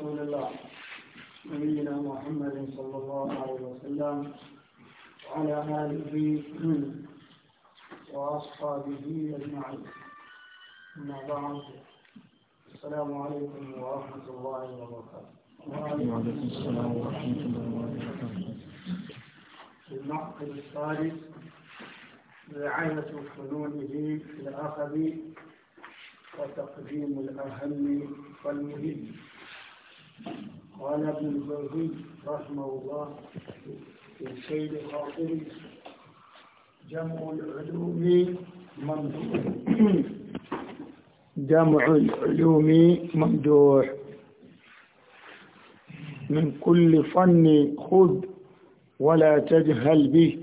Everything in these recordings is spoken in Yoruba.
رسول الله نبينا محمد صلى الله عليه وسلم وعلى آله وأصحابه أجمعين أما بعد السلام عليكم ورحمة الله وبركاته وعليكم السلام ورحمة الله وبركاته في المعقد الثالث رعاية فنونه في الأخذ وتقديم الأهم والمهم قال ابن الجوزي رحمه الله في سيد خاطري جمع العلوم ممدوح جمع العلوم ممدوح من كل فن خذ ولا تجهل به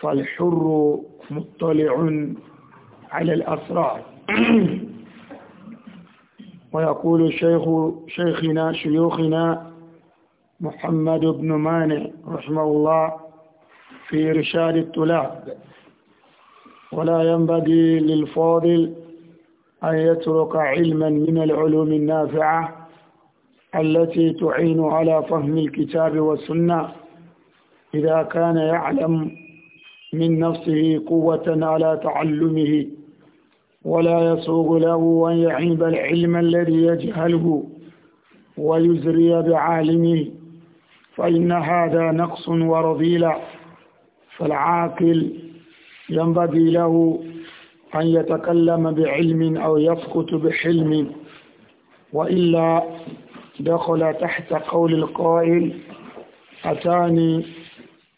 فالحر مطلع على الأسرار ويقول شيخ شيخنا شيوخنا محمد بن مانع رحمه الله في إرشاد الطلاب ولا ينبغي للفاضل أن يترك علما من العلوم النافعة التي تعين على فهم الكتاب والسنة إذا كان يعلم من نفسه قوة على تعلمه ولا يسوغ له أن يعيب العلم الذي يجهله ويزري بعالمه فإن هذا نقص ورذيلة فالعاقل ينبغي له أن يتكلم بعلم أو يسكت بحلم وإلا دخل تحت قول القائل أتاني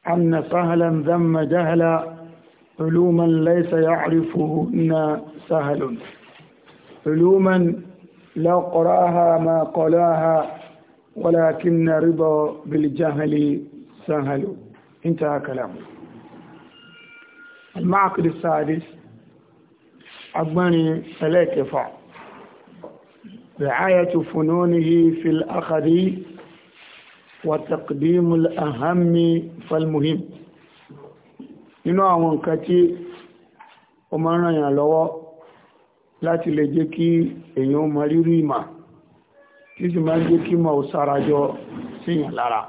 أن سهلا ذم جهلا علوما ليس يعرفهن سهل علوما لا قراها ما قلاها ولكن رضا بالجهل سهل انتهى كلامه المعقد السادس أبني الاتفاع رعاية فنونه في الأخذ وتقديم الأهم فالمهم nínú àwọn nǹkan tí ó máa ń ràn yàn lọ́wọ́ láti lè jẹ́ kí èèyàn mọ rírì ìmà tí sì máa ń jẹ́ kí mọ̀ sarajọ síyàn lára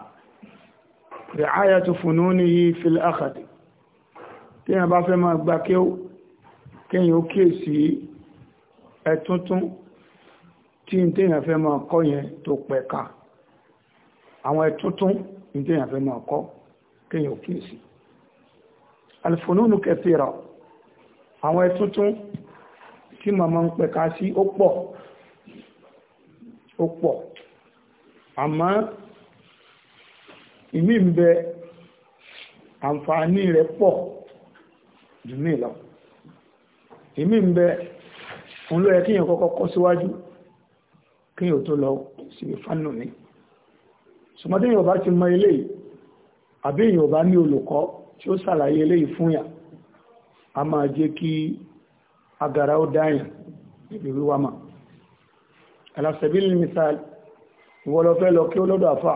ri'ayatu fununihi fil akhd tí yàn bá fẹ́ máa gba kéw ó kíyèsí ẹ̀túntún tí n téèyàn fẹ́ máa kọ́ yẹn tó pẹ̀ka àwọn ẹ̀túntún n téèyàn fẹ́ máa kọ́ kéyàn ó kíyèsí alfununu kẹfìrà àwọn ẹtúntún tí màmá ń pẹ̀ka sí ó pọ̀ ó pọ̀ àmọ́ ìmí ń bẹ àǹfààní rẹ̀ pọ̀ jù mí lọ ìmí ń bẹ òun ló yẹ kọ́kọ́ kọ́ síwájú kí tó lọ sí fánù ni sọmọdé èèyàn bá ti mọ eléyìí àbí èèyàn bá ní olùkọ́ tí ó ṣàlàyé eléyìí fún yà a máa jẹ́ kí agara ó dáyàn níbi wíwá mà alasẹ̀bí ní misal ìwọ lọ fẹ́ lọ kí ó lọ́dọ̀ àfà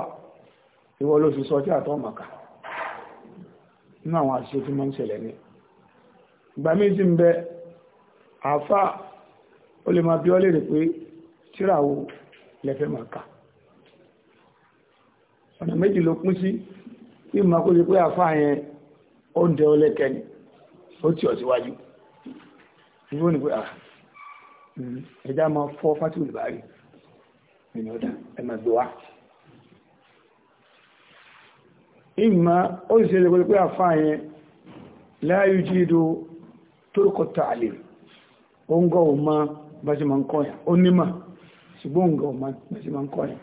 ìwọ ló sì sọ tí àtọ́ màkà nínú àwọn àṣìṣe tí máa ń ṣẹlẹ̀ ní ìgbà míì ń bẹ àfà ó lè máa bí ọ lè pé tíra lẹ́fẹ́ màkà ọ̀nà méjì ló pín sí ìmọ̀ kó ṣe pé àfà yẹn o dẹ ó tì ọ síwájú ìwé òní pé à ah, mm, ẹja máa fọ́ fátìwò ìbárí nínú ọ̀dà ẹ máa ìmá ó sì ṣe pé àfáà yẹn láàyè jído tórúkọ tààlè ó ń gọ́ òun bá ṣe máa ń kọ́yàn ó nímà ṣùgbọ́n òun gọ́ òun bá ṣe ń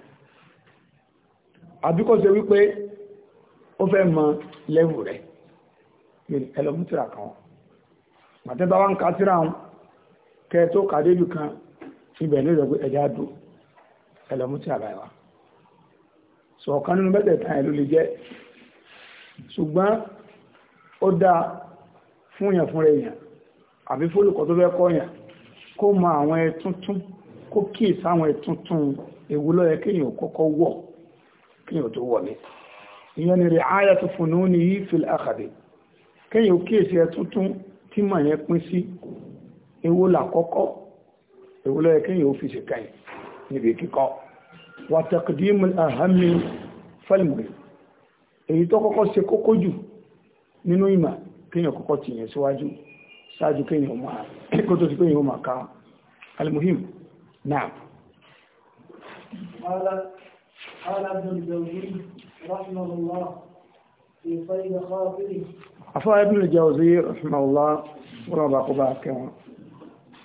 àbíkọ́ wípé ó fẹ́ yìí ẹlòmútìrà kan pàtẹ́ bá wá ń ka síra wọn kẹ tó ka débi kan ibẹ̀ ló lọ́gbé ẹ̀dá dò ẹlòmútìrà báyìí wa sọ ọ̀kan nínú mẹ́tẹ̀ẹ̀ta yẹn ló lè jẹ́ ṣùgbọ́n ó dáa fún yẹn fúnra èèyàn àbí fólùkọ́ tó fẹ́ kọ́ yẹn kó mọ àwọn ẹ̀ kó kíì sáwọn ẹ̀ tuntun yẹ kéèyàn kọ́kọ́ wọ̀ kéèyàn tó wọ̀ mí ìyẹn ni rẹ̀ áyà tó yìí fìlà àkàdé kẹ́yìn ó kíyèsí ẹ tuntun tí mọ̀ yẹn pín sí èwo làkọ́kọ́ èwo ló yẹ kẹ́yìn ó fi ṣe kẹ́yìn níbi kíkọ́ wà taqdim al-ahami fẹ́lìmù èyí tó kọ́kọ́ ṣe kókó jù nínú ìmọ̀ kẹ́yìn kọ́kọ́ ti yẹn síwájú ṣáájú kẹ́yìn ó máa kó tó ti kẹ́yìn ó máa ká al-muhim náà. قال ابن الجوزي رحمه الله في صيد خاطره afọ́wà Ibn al-Jawzi rahimahullah wọ́n bá kó bá kẹwọn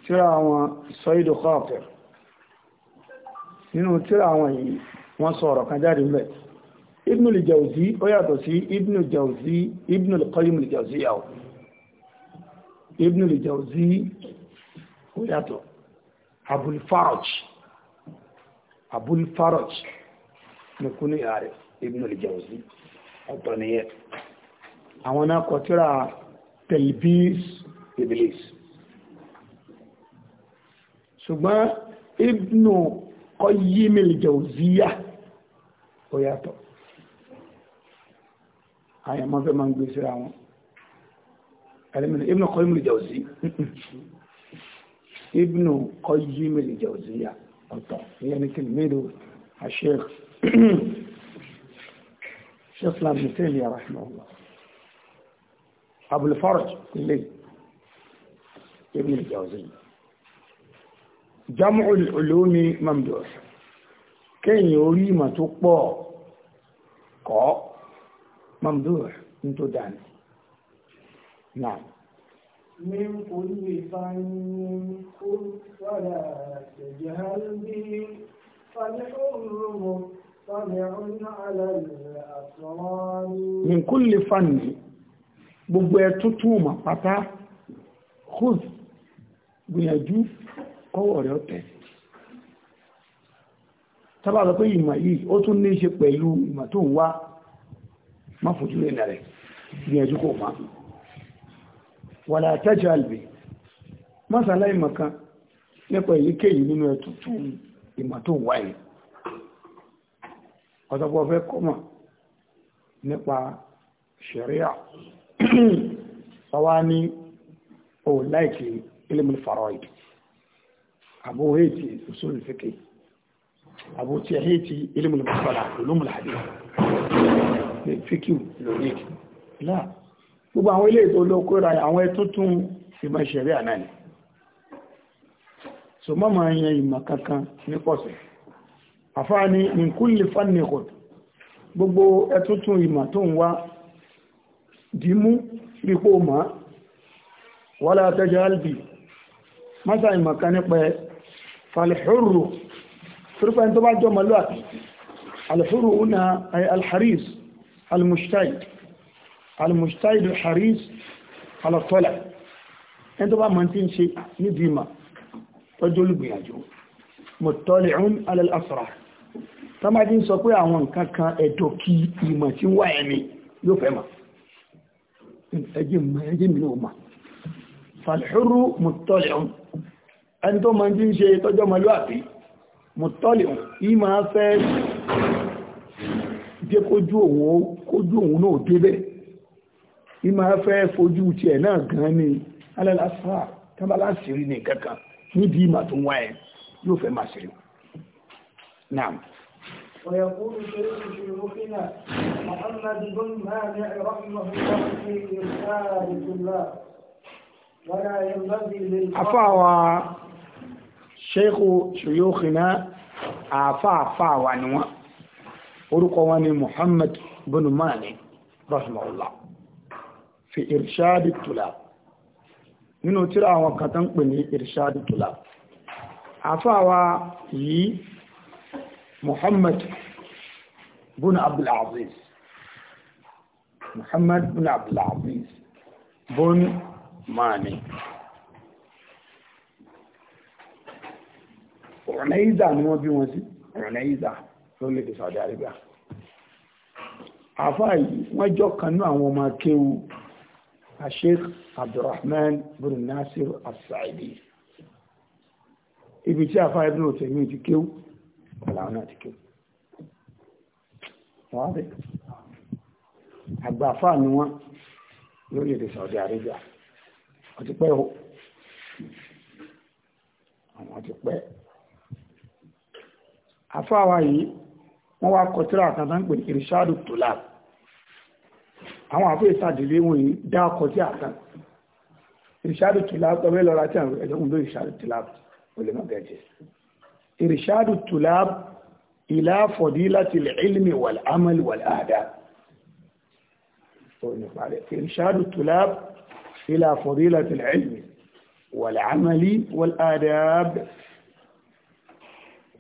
tíra àwọn sọ́ìdò kọ́ọ̀kẹ́ nínú tíra àwọn yìí wọ́n sọ ọ̀rọ̀ kan jáde mẹ́ Ibn al-Jawzi ó yàtọ̀ sí Ibn al-Jawzi Ibn al-Qayyim al-Jawzi yàwó Ibn al-Jawzi ó yàtọ̀ Abul Faraj Abul Faraj nìkúnú yàrá Ibn al-Jawzi ọ̀tọ̀ nìyẹn àwọn náà kọ tíra telbis iblis ṣùgbọ́n ibnu Qayyimil Jawziya ó yàtọ̀ àyàmọ́ fẹ́ máa ń gbé síra wọn ẹlẹ́mìnà ibnu Qayyimil Jawzi ibnu Qayyimil Jawziya ọ̀tọ̀ ìyẹn ni kìlìmẹ́rù àṣẹ ṣẹ́fìlà mùsùlùmí rahimahullah أبو الفرج لي ابن الجوزي جمع العلوم ممدوح كان يوري ما تقبع قا ممدوح انتو دان نعم من كل فن قل فلا تجهل به فالحر مطلع على الأسرار من كل فن gbogbo ẹ tútù mọ̀ pátá hus gbìyànjú kọ́wọ̀ rẹ̀ ọ̀tẹ̀ tábà lọ pé ìmọ̀ yìí ó tún ní ṣe pẹ̀lú ìmọ̀ tó ń wá má fojú rẹ̀ rẹ̀ gbìyànjú kò má wà látẹ́jọ albì mọ́sàlá ìmọ̀ kan nípa èyíkéyìí nínú ẹ̀tùtù ìmọ̀ tó wá yìí ọ̀tọ̀pọ̀ fẹ́ kọ́mọ̀ nípa ṣẹ̀ríà a wa ni o lai ke elimu farọọ ye a bụ hei ti osu n'oge a bụ tia hei ti elimu n'oge la olumu ali n'oge Gbogbo awan ile itooluwekwere anyị awa etu tụnụ ima iṣere ananye soma ma anyị ịma kankan n'efọsọ afọ anyị nkwụnye fani ekwu gbogbo etutun tụnụ to n wa dìímú rípò mọ́ wọ́lá àtẹ́jẹ́ albi mọ́sá ìmọ̀kan nípa ẹ̀ falhurru fírífẹ́ tó bá jọ mọ́lúwà alhurru una ay alharis almushtaid almushtaid alharis alatọ́lá ẹni tó bá mọ́ tí ń ṣe ní dìímà tọ́jú olùgbìyànjú mọ̀tọ́lẹ̀ún alẹ́lẹ́sọ̀rọ̀ tọ́mọ́dé ń sọ pé àwọn nǹkan kan ẹ̀dọ̀ kí ìmọ̀ tí ń wà ẹni yóò fẹ́ ẹjẹ́ ما ẹjẹ́ من náà mà fàlẹ́rú أنتم ẹni tó máa jí ń ṣe tọ́jọ́ mọlúàbí mùtọ́lẹ̀hún yìí máa fẹ́ jẹ́ kójú òun kójú òun náà débẹ̀ yìí máa fẹ́ fojú tiẹ̀ náà gan ni alẹ́lásà tábàlá sírí ní kankan níbi ìmà tó ń wá ẹ yóò fẹ́ máa sírí náà ويقول شيخ شيوخنا محمد بن مانع رحمه الله في رسالة الله ولا ينبغي للعفاوى شيخ شيوخنا عفا عفا نوى ورقواني محمد بن مانع رحمه الله في إرشاد الطلاب nínú tíra àwọn kan إرشاد الطلاب ní ìrìṣàdì Muhammad bin Abdul Aziz Muhammad bin Abdul Aziz bin Mani Ọ̀nàíza ni wọ́n bí wọn sí Ọ̀nàíza lórílẹ̀-èdè Saudi Arabia àfáà yìí wọ́n jọ kanú àwọn ọmọ akéwu Sheikh Abdurrahman bin Nasir As-Sa'idi ibi tí àfáà Ibn Uthaymeen ti kéwu ọ̀làwọn náà ti kí wọ́n rẹ̀ àgbàfà ni wọ́n lórílẹ̀-èdè Saudi Arabia wọ́n ti pẹ́ o àwọn ti pẹ́ àfáàwà yìí wọ́n wá kọtíra àkàtà ń pè ní irishadu tola àwọn àfẹ́ ìsàdìlé wọn yìí dá kọtí àkàtà irishadu tola tọ́wẹ́ lọ́ra tí àwọn ẹ̀lẹ́gùn إرشاد الطلاب إلى فضيلة العلم والعمل والآداب إرشاد الطلاب إلى فضيلة العلم والعمل والآداب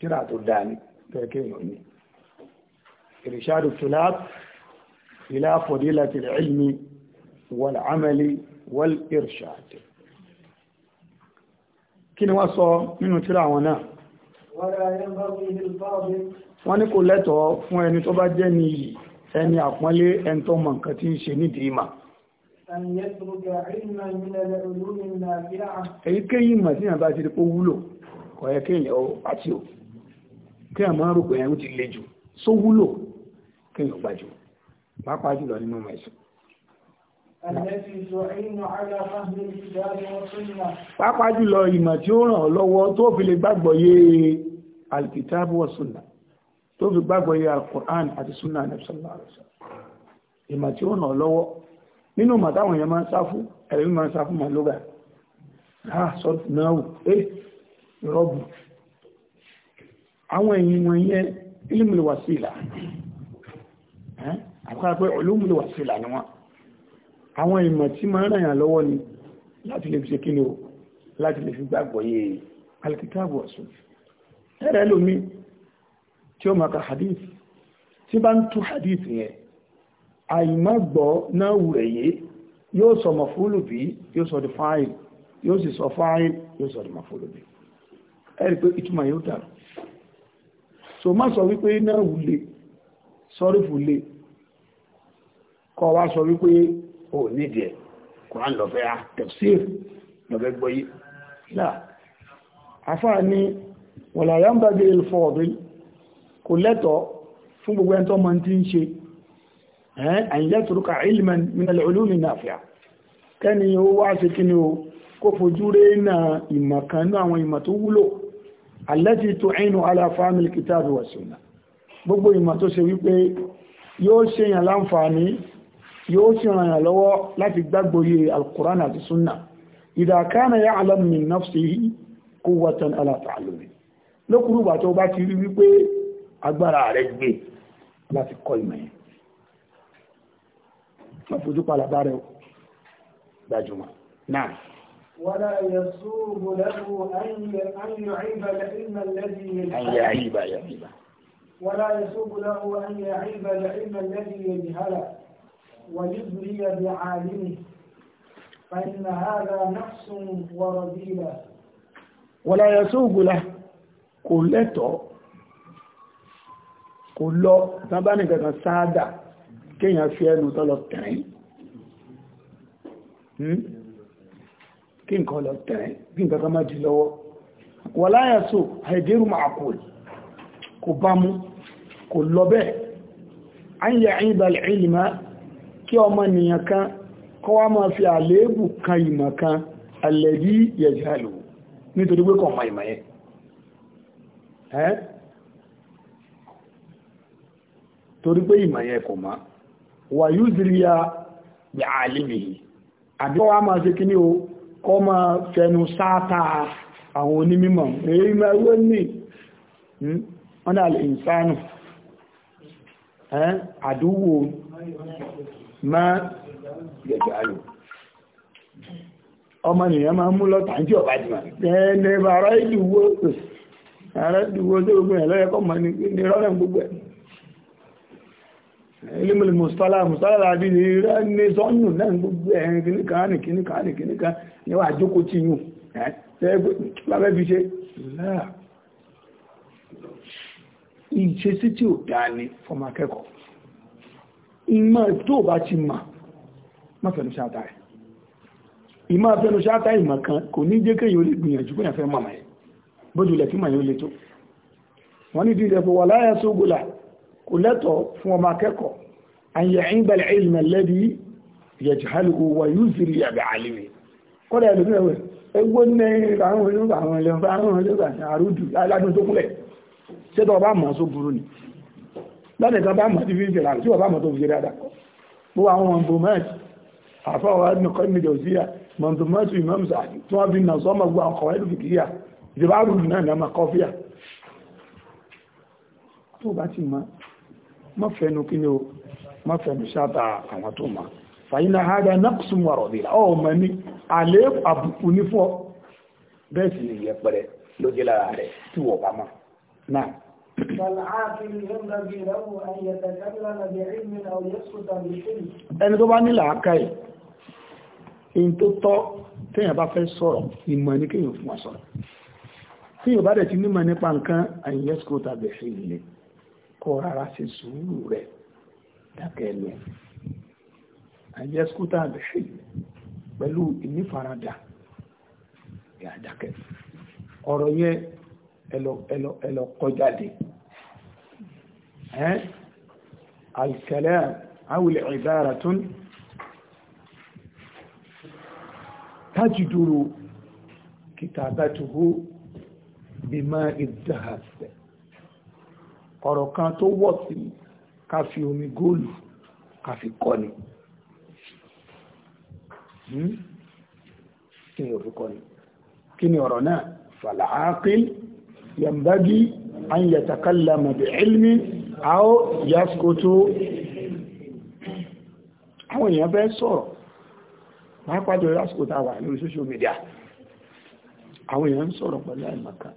قراءة الداني إرشاد الطلاب إلى فضيلة العلم والعمل والإرشاد kí ni wá sọ nínú wọ́n ní kò lẹ́tọ̀ọ́ fún ẹni tó bá jẹ́ ní iyì ẹni àpọ́nlé ẹni tó mọ̀ nǹkan tí ń ṣe nídìí mà. èyíkéyìí mà sí àbá ti rí wúlò kò yẹ kéèyàn ó pàtí o kéèyàn máa ti le jù só wúlò kéèyàn gbàjù pàápàá jùlọ nínú mẹ́sàn pàápàá jùlọ ìmọ̀ tí ó ràn ọ́ lọ́wọ́ tó fi lè gbàgbọ́ yé alkitabu wa sunna tó fi gbàgbọ́ yé alkur'an àti sunna Ànábì sallallahu alaihi wasallam ìmọ̀ tí ó ràn lọ́wọ́ nínú ìmọ̀ táwọn máa ń sá fún ẹ̀rí máa ń sá fún àwọn ìmọ̀ tí máa ń ràn yàn lọ́wọ́ ni láti lè fi ṣe kíni o láti lè fi gbàgbọ́ yé alikitaabu ọ̀sùn ẹ̀rẹ́ lómi tí ó máa ka hadith tí bá ń tú hadith yẹn àìmọ́gbọ́ náà wù ẹ̀yẹ yóò sọ mọ̀fúlù yóò sọ di yóò sì sọ fáìl yóò sọ di mọ̀fúlù pé ìtumọ̀ yóò dàrú so má sọ wípé náà wù lè sọ́rí fù lè kọ́ wa sọ wípé ó nídìí ẹ̀ kùrán lọ́fẹ́ á tafsir lọ́fẹ́ gbọ́yé náà afáà ní wọ̀là yámbàgbé ilfọ́ ọ̀dún kò lẹ́tọ̀ fún gbogbo ẹntọ́ mọ́ tí ń ṣe àyíyàtùrúkà ni ó kó fojú rẹ̀ náà ìmọ̀ kan ní àwọn ìmọ̀ tó wúlò allati tu'inu ala fahmil kitabi wa sunnah gbogbo yóò ṣe yàn láǹfààní yóò sì ràn yà lọ́wọ́ láti gbàgbọ́yé alkùrán àti súnà ìdàkánà yà alámi náfsí kó watan alátàlórí lókùrùgbà tó bá ti rí wípé agbára rẹ̀ gbé láti kọ́ ìmọ̀ yẹn fojú rẹ̀ gbajúmọ̀ náà ولا يسوغ له أن يعيب العلم الذي أن ويبلي بعالمه فإن هذا نفس ورذيلة ولا يسوق له كلته kò lọ tábánì kankan sáádà kéèyàn fi ẹnu tọ́lọ tẹ̀rín hmm? kí nǹkan lọ tẹ̀rín kí nǹkan kan má di lọ́wọ́ wà láyà so àìdérù máa kò kò bá mú kò lọ bẹ́ẹ̀ an yà ìbàlẹ̀ ìlìmá kí ọmọnìyàn kan kọ́ wá máa fi àléébù kan ìmọ̀ kan alẹ́bí yẹ̀jálò nítorí pé kọ̀ mọ̀ ìmọ̀ yẹn torí pé ìmọ̀ yẹn kò mọ̀ wà yóò zìrí ya bí àlèmì àbí kọ́ wá máa ṣe kí ní o kọ́ máa fẹnu sáátà àwọn onímọ̀ èyí máa hmm, wọ́n ní wọ́n dà lè ìsánù àdúwò ma gẹ̀gẹ̀ ayò ọmọ nìyàn máa mú lọ́ta ní ọba jùmọ̀ ẹ̀ẹ́dẹ̀ bàrá ìdúwó ara ìdúwó tó gbogbo ẹ̀ lọ́yẹ́kọ́ mọ̀ ní rọ́rẹ̀ gbogbo ẹ̀ ilimul mustala mustala láti ní rẹ̀ ní sọ́nù náà gbogbo ìmọ̀ tó bá ti mà má fẹ́nu ṣáta ẹ̀ ìmọ̀ fẹ́nu ṣáta ìmọ̀ kan kò ní jẹ́ kéyìn ó lè gbìyànjú pé ẹ̀fẹ́ màmá ẹ̀ bójúlẹ̀ tí màá lè tó wọ́n ní dídẹ̀ fún wà láyé sógùlà kò lẹ́tọ̀ fún ọmọ akẹ́kọ̀ọ́ àyẹ̀ ìbẹ̀lẹ̀ ìlmẹ̀ lẹ́bí yẹ̀jìhálùkù wà yóò sì rí àbẹ̀ àlèmì kọ́dà ẹ̀lùmẹ̀wẹ̀ ẹgbó ní àwọn olóògbà àwọn ẹlẹ́gbà àrùdù aládùn tó kúnlẹ̀ ṣẹ́tọ̀ ọba mọ̀ só burú ni lọ́nà ìtàn bá mọ̀ sí fi ń ṣẹlẹ̀ àti bàbá mọ̀ tó fi ṣe dáadáa gbogbo àwọn mọ̀nbùmẹ́ẹ̀tì àfọwọ́ ẹ̀dùn kọ́ ní jọ̀síyà mọ̀nbùmẹ́ẹ̀tì imam sàdì tí wọ́n fi nà sọ́mọ̀ gbogbo àwọn kọ̀wé lùkìyà ìjọba rùn náà nà máa kọ́fíà tó bá ti mọ́ mọ́ fẹnu kí ni o mọ́ fẹnu ṣáta àwọn tó mọ́ fàyínà hádà náksùn wọ̀rọ̀ dìlà ọ̀ mọ̀ ní àlẹ́ àbùkù ẹni tó bá ní làákàyè in tó tọ́ tẹ́yàn bá fẹ́ sọ̀rọ̀ ìmọ̀ ní kíyàn fún ọ̀sọ̀rọ̀ tí yóò bá dẹ̀ ti nímọ̀ nípa nǹkan àyíyẹ́sìkò tàbí fi ilẹ̀ kọ́ rárá sí sùúrù rẹ̀ dákẹ́lú àyíyẹ́sìkò tàbí fi ilẹ̀ pẹ̀lú ìnífaradà ìyàdákẹ́ ọ̀rọ̀ yẹn ẹlọ kọjáde alkalam awìlẹ̀ ìdára tún tajiduru kìtàbátùhù bí máa ìdáhàfẹ́ ọ̀rọ̀ kan tó wọ́ sí ká fi omi góòlù ká fi kọ́ ni hmm? kí ni ọ̀rọ̀ náà fàlàákìlì ينبغي أن يتكلم بعلم أو يسكت àwọn èèyàn bẹ́ sọ̀rọ̀ máa pàdé lásìkò tàwà lórí social media àwọn èèyàn ń sọ̀rọ̀ pẹ̀lú àìmọ̀kan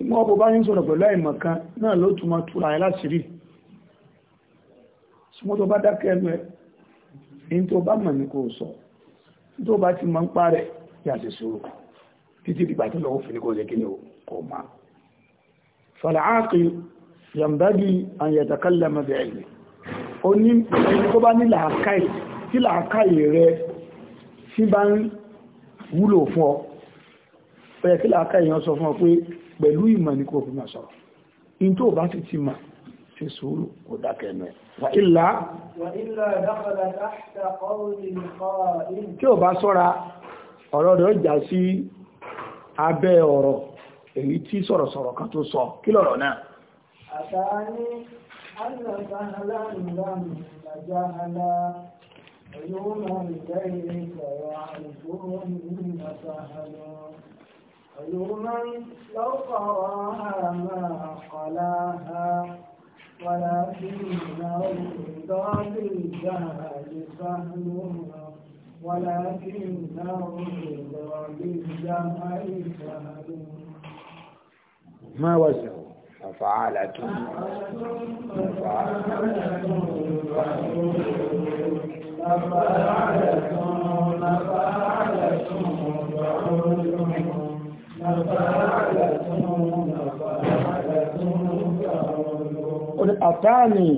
ìmọ̀ ọ̀pọ̀ bá ń sọ̀rọ̀ pẹ̀lú àìmọ̀kan náà ló tún máa túra ẹ láti rí súnmọ́ tó bá dákẹ́ ẹnu ẹ ní tó bá mọ̀ ní kò sọ tó bá ti máa ń parẹ́ yàtì sọ̀rọ̀ títí dìgbà tó lọ́wọ́ fi ní kò jẹ́ kí o kò má fàlàáàkì أن يتكلم mọ̀bẹ̀ẹ̀lẹ̀ o ní ẹni tó bá ní làákàì tí làákàì rẹ tí bá ń wúlò fún ọ pẹ̀ tí làákàì yàn sọ fún ọ pé pẹ̀lú ìmọ̀ ní kò fi máa sọ̀rọ̀ in tó bá sì ti mà ṣe sùúrù kò dákẹ́ mẹ́ wà ilá tí ò bá sọ́ra ọ̀rọ̀ rẹ̀ ó já sí èyí tí sọ̀rọ̀sọ̀rọ̀ kan tó sọ kí lọ̀rọ̀ náà àtàní alàbáhálà ìlànà àjáhálà ẹ̀yọ́nà ìgbẹ̀rẹ̀ ìgbẹ̀rẹ̀ àìgbóhùn ìrìnàtàhálà ẹ̀yọ́nà lọ́kọ̀ọ́ àmà ولكن الضال الجهل سهل ولكن ما وزنه ففعلة Àtàní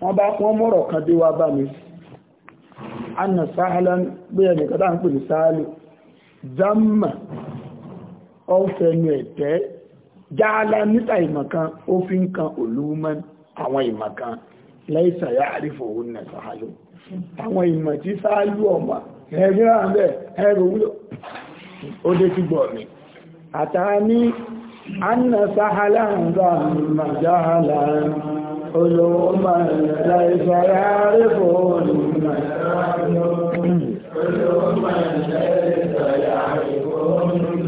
wọ́n bá wọ́n mọ́rọ̀ kan bí wá bá mi, Anna Sáhálán bí ẹnìkan dá ń pè ní Sáhálù, Zamma ọ̀fẹ́nu ẹ̀tẹ́ jáàlá níta ìmọ̀kan ó fi ń kan olúmọ́ àwọn ìmọ̀kan lẹ́ìsà yá àrífò òun nà sàálù àwọn ìmọ̀ tí sáálù ọmọ ẹgbẹ́ràn bẹ́ẹ̀ ẹrù wúlò ó dé tí gbọ́ mi àtàrà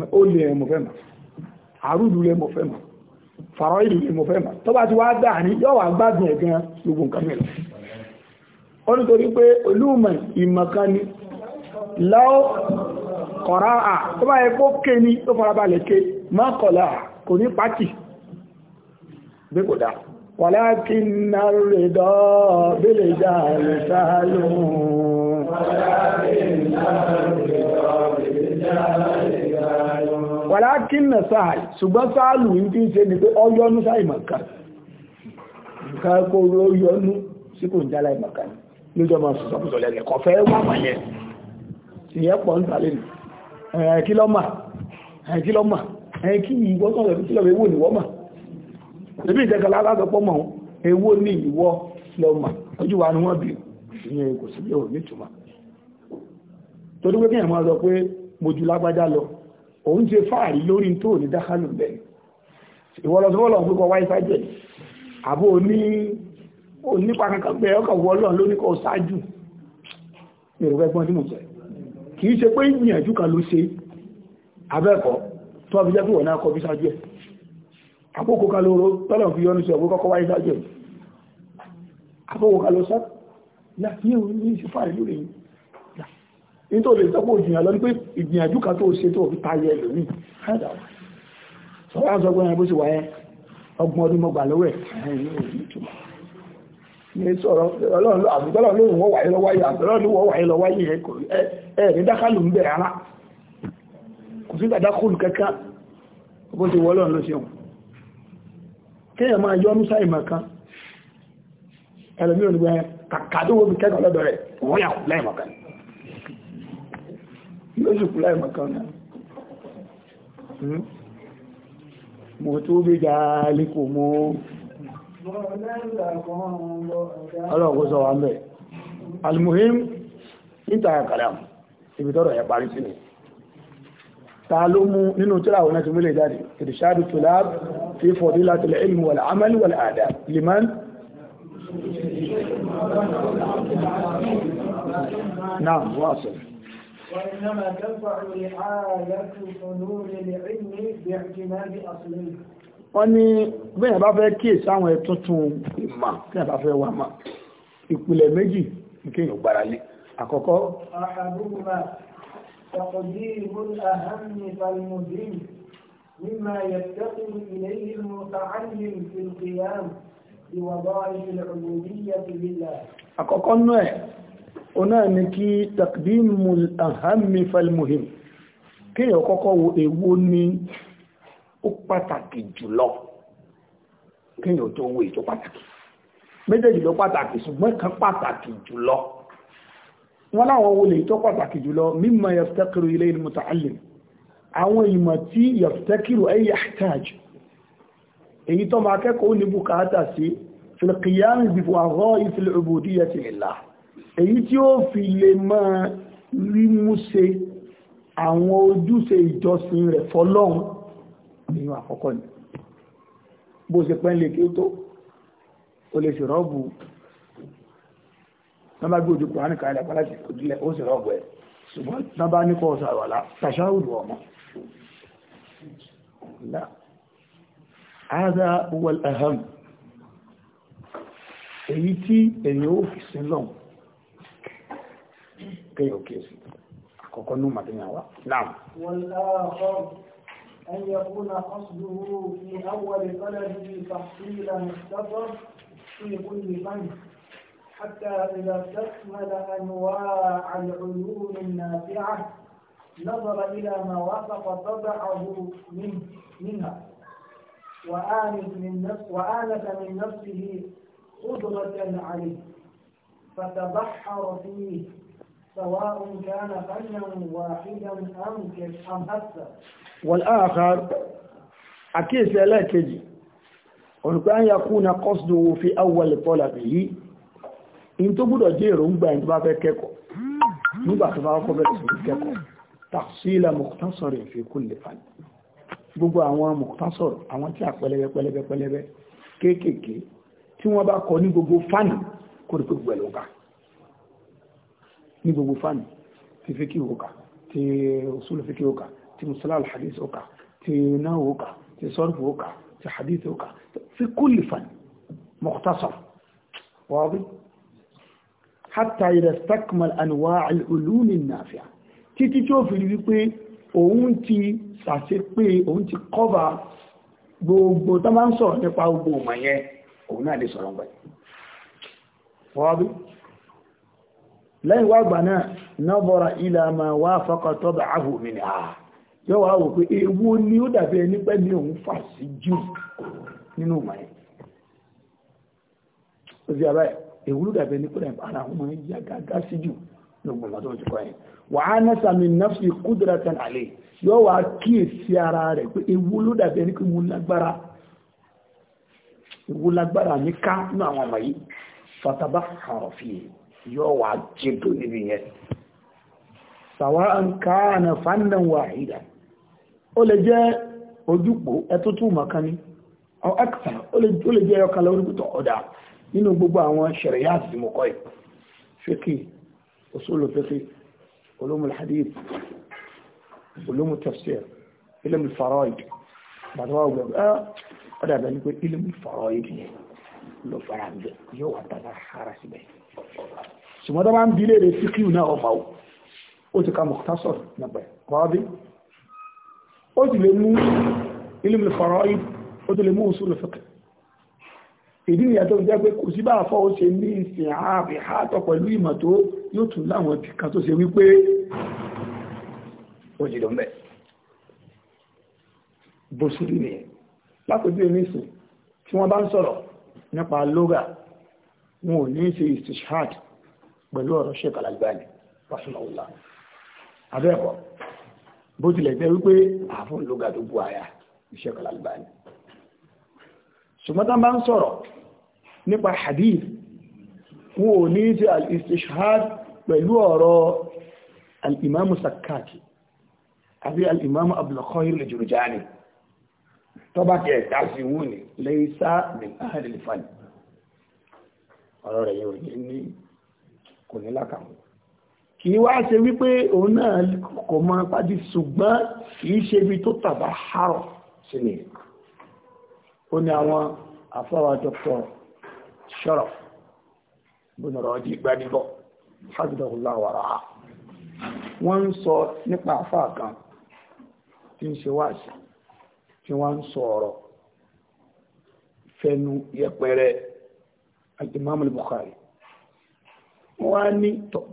ó lè ẹ̀ mọ̀ fẹ́ mà àrùdù lè mọ̀ fẹ́ mà fàrọ̀ ìlú lè mọ̀ fẹ́ mà tó bá ti wá dà ní yọ́ wà gbádùn ẹ̀ gan gbogbo nǹkan mẹ́rin ó nítorí pé olúmọ̀ ìmọ̀kan ni láó kọ̀rá à tó bá yẹ kó ké ní tó farabalẹ̀ ké má kọ̀lá kò ní pàtì gbé kò dáa ولكن الرضا بالجهل سهل ولكن الرضا بالجهل wàlákín nà sáàl ṣùgbọ́n sáàlù ń tí ń ṣe ni pé ọyọ́nú sáìmọ̀ká nǹkan kó yọnú sí kò ń jálá ìmọ̀ká lójọ́ máa sọ sọ́kùsọ̀ lẹ́rẹ̀ kọ̀ fẹ́ wà wà yẹn pọ̀ ń sàlẹ̀ ẹ̀kí lọ́mà ẹ̀kí lọ́mà ẹ̀kí sọ̀rọ̀ ìwọ́ lọ́mà ojú wa ni wọ́n ìyẹn òun ṣe fáàrí lórí tó ní dákàlù bẹ́ẹ̀ ìwọlọsọwọlọ ń pípọ̀ wáyé fájẹ̀ àbó ní onípa kankan bẹ́ẹ̀ ọkọ̀ wọlọ́ lóníkọ̀ ṣáájú èrò ẹgbọ́n tí mo sọ kì í ṣe pé ìgbìyànjú kan ló ṣe abẹ́ẹ̀kọ́ tó ọbí jẹ́ pé wọ̀n náà kọ bí ṣáájú ẹ̀ àkókò kan lóró tọ́lọ̀ fi yọnu sí ọgbó wáyé ṣáájú ẹ̀ àkókò sọ́ nítorí lè tọ́pọ̀ òjìyàn lọ ní pé ìgbìyànjú kan tó ṣe tó fi tayẹ lórí ẹ̀dàwà sọ́wọ́ àwọn ọgbọ́n ẹ̀bùn sí wáyé ọgbọ̀n ọdún mọ́gbà lọ́wẹ́ ẹ̀lẹ́mí òníwẹ̀ kàkàdówó bí kẹ́kọ̀ọ́ lọ́dọ̀ rẹ̀ wọ́n yà láìmọ̀kan yóò sì kú láì mọ̀kan náà hmm? mo tó bí dáálé kò mú ọlọ́ọ̀kọ́ sọ wa ń bẹ̀ almuhim níta kàdà ibi tọ́rọ ẹ̀ parí sílẹ̀ ta ló mú nínú tíra àwọn ẹ̀tí mílẹ̀ jáde ìrìṣàdù tulab fi fadilati al-ilm wal-amal wal-adab liman نعم واصل وإنما تنفع رعاية حلول العلم باعتماد أصله wọ́n ní bẹ́ẹ̀ bá fẹ́ kíyèsí àwọn ẹ̀túntún ìmà tí a bá fẹ́ wà máa ìpìlẹ̀ méjì ìkéyàn gbára lé àkọ́kọ́ àkọ́kọ́ náà ọ̀nà ni kí takdimu alhammi falmuhim kíyàn kọ́kọ́ wo èwo ni ó pàtàkì jùlọ kíyàn tó wo ètò pàtàkì méjèèjì ló pàtàkì ṣùgbọ́n kan pàtàkì jùlọ wọ́n láwọn wo lè tó pàtàkì jùlọ mimma yaftakiru ilé ilmuta'allim àwọn ìmọ̀ tí yaftakiru ay yahtaj èyí tó máa kẹ́kọ̀ọ́ ní bùkátà sí fil qiyam bi fa'dha'i fil ubudiyyati lillah èyí tí ó fi lè máa rí múṣe àwọn ojúṣe ìjọsìn rẹ̀ fọ́lọ́hun nínú àkọ́kọ́ ni bó ṣe pẹ́ lè kí ó tó o lè ṣe rọ́ọ̀bù nọ́bá gbé ojú kùránì kan ilẹ̀ pàlájì òdílẹ̀ ó ṣe rọ́ọ̀bù ẹ̀ ṣùgbọ́n nọ́bá ní kọ́ ọ̀sọ̀ àwàlá tàṣáwùdù ọmọ هذا هو الأهم èyí tí èyí ó fi sin lọ́hùn kéèyàn kéèsì àkọ́kọ́ ní màdínà wa náà. نعم والآخر أن يكون قصده في أول طلبه تحصيل مختصر في كل فن حتى إذا استكمل أنواع العلوم النافعة نظر إلى ما وصف طبعه منه منها وآنس من نفس وآنف من نفسه قدرة عليه فتبحر فيه سواء كان فردا واحدا أم أم أكثر والآخر àkíyèsí ẹlẹ́ẹ̀kejì olùpẹ́ àyà kú na kọ́sùdù fi awwal tọ́làbì yìí in tó gbọ́dọ̀ jẹ́ èròǹgbà ẹni tó bá fẹ́ kẹ́kọ̀ọ́ nígbà tó bá kọ́ bẹ̀rẹ̀ sí kẹ́kọ̀ọ́ tàṣílà mọ̀kútásọ̀rọ̀ fi kulli fan gbogbo àwọn mọ̀kútásọ̀rọ̀ àwọn tí a pẹlẹbẹ pẹlẹbẹ pẹlẹbẹ kéékèèké tí wọ́n bá kọ ní gbogbo fani kó rí pé gbẹ̀lú ga ní gbogbo fáànì ti fíkì òkà ti òṣùlù fíkì òkà ti mùsùlá alhadis òkà ti náà òkà ti sọ́rùfù òkà ti hadith òkà fi kulli fáànì mukhtasar واضح حتى إذا استكمل أنواع العلوم النافعة títí tí ó fi rí wípé òun ti sàṣe pé òun ti kọ́bà gbogbo tó máa ń sọ̀rọ̀ nípa gbogbo ọmọ yẹn òun náà lè sọ̀rọ̀ gbẹ̀. wọ́n lẹ́yìn wá gbà náà nọ́bọ̀rọ̀ ilẹ̀ ma wá fọ́kọ̀tọ́ bá áhùmí ni àà yóò wá wò pé ewu ni ó dàbí ẹni pẹ́ ní òun fà sí jù nínú mọ̀ẹ́ ó sì àbáyé ewu ló dàbí ẹni pẹ́ ara àwọn ọmọ yá gágá sí jù lóògùn ọ̀tọ́ ti kọ́ yẹn wà á ná yóò wà jìdò níbi yẹn sàwá ń ká ànà fàndàn wà ìdá ó lè jẹ́ ojúpò ẹtútù mọ̀kání ọ́kàtà ó lè jẹ́ ọkàlẹ̀ orípútọ̀ ọ̀dà nínú gbogbo àwọn ṣẹ̀rẹ̀yà àti mọ̀kọ́ ì fẹ́kì usulu fẹ́kì ulumul hadith ulumul tafsir ilmul faraid bàtàwà ọgbẹ̀gbẹ̀ ọ̀dà bẹ̀ ní fara ń yóò wà tàbí ara síbẹ̀ ṣùgbọ́n tó bá ń bi léèrè fíkìú náà ọmọ o ó ti ka mọ̀tásọ̀rọ̀ nípa kọ́ọ́dí ó ti lè mú ilmi faraid ó ti lè mú usul fiqh ìdí ìyà tó jẹ́ pé kò sí bá àfọ́ ó ṣe ní ìsìn ààbì àtọ̀ pẹ̀lú ìmọ̀ tó yóò tún láwọn kan tó ṣe wípé ó jìdọ̀ mẹ́ bó sí rí nìyẹn lápòjú ìmísìn tí wọ́n bá ń sọ̀rọ̀ nípa lóga wọn ò ní ṣe istishhad pẹ̀lú ọ̀rọ̀ Sheikh Al-Albani rahimahullah abẹ́ẹ̀kọ́ bó tilẹ̀ jẹ́ wípé àfún lóga tó bu àyà Sheikh Al-Albani ṣùgbọ́n tá bá ń sọ̀rọ̀ nípa hadith wọn ò ní ṣe al pẹ̀lú ọ̀rọ̀ al-imamu àbí al-imamu Abdul Khair al-Jurjani tó bá kẹta sí wúni ọ̀rọ̀ rẹ̀ yóò ní ní kò ní lákàwọn kì í wá ṣe wípé òun náà kò mọ pàdé ṣùgbọ́n kì í ṣe ibi tó tàbá hárọ̀ sí ni ó ní àwọn afọ́wà dr sharaf bùnọ̀rọ̀ ọjí gbadibọ̀ hajjọ́láwàrá wọ́n ń sọ nípa àfáà kan tí ń ṣe wáṣẹ̀ tí wọ́n ń sọ ọ̀rọ̀ fẹnu yẹpẹrẹ al-Imam al-Bukhari wọ́n á ní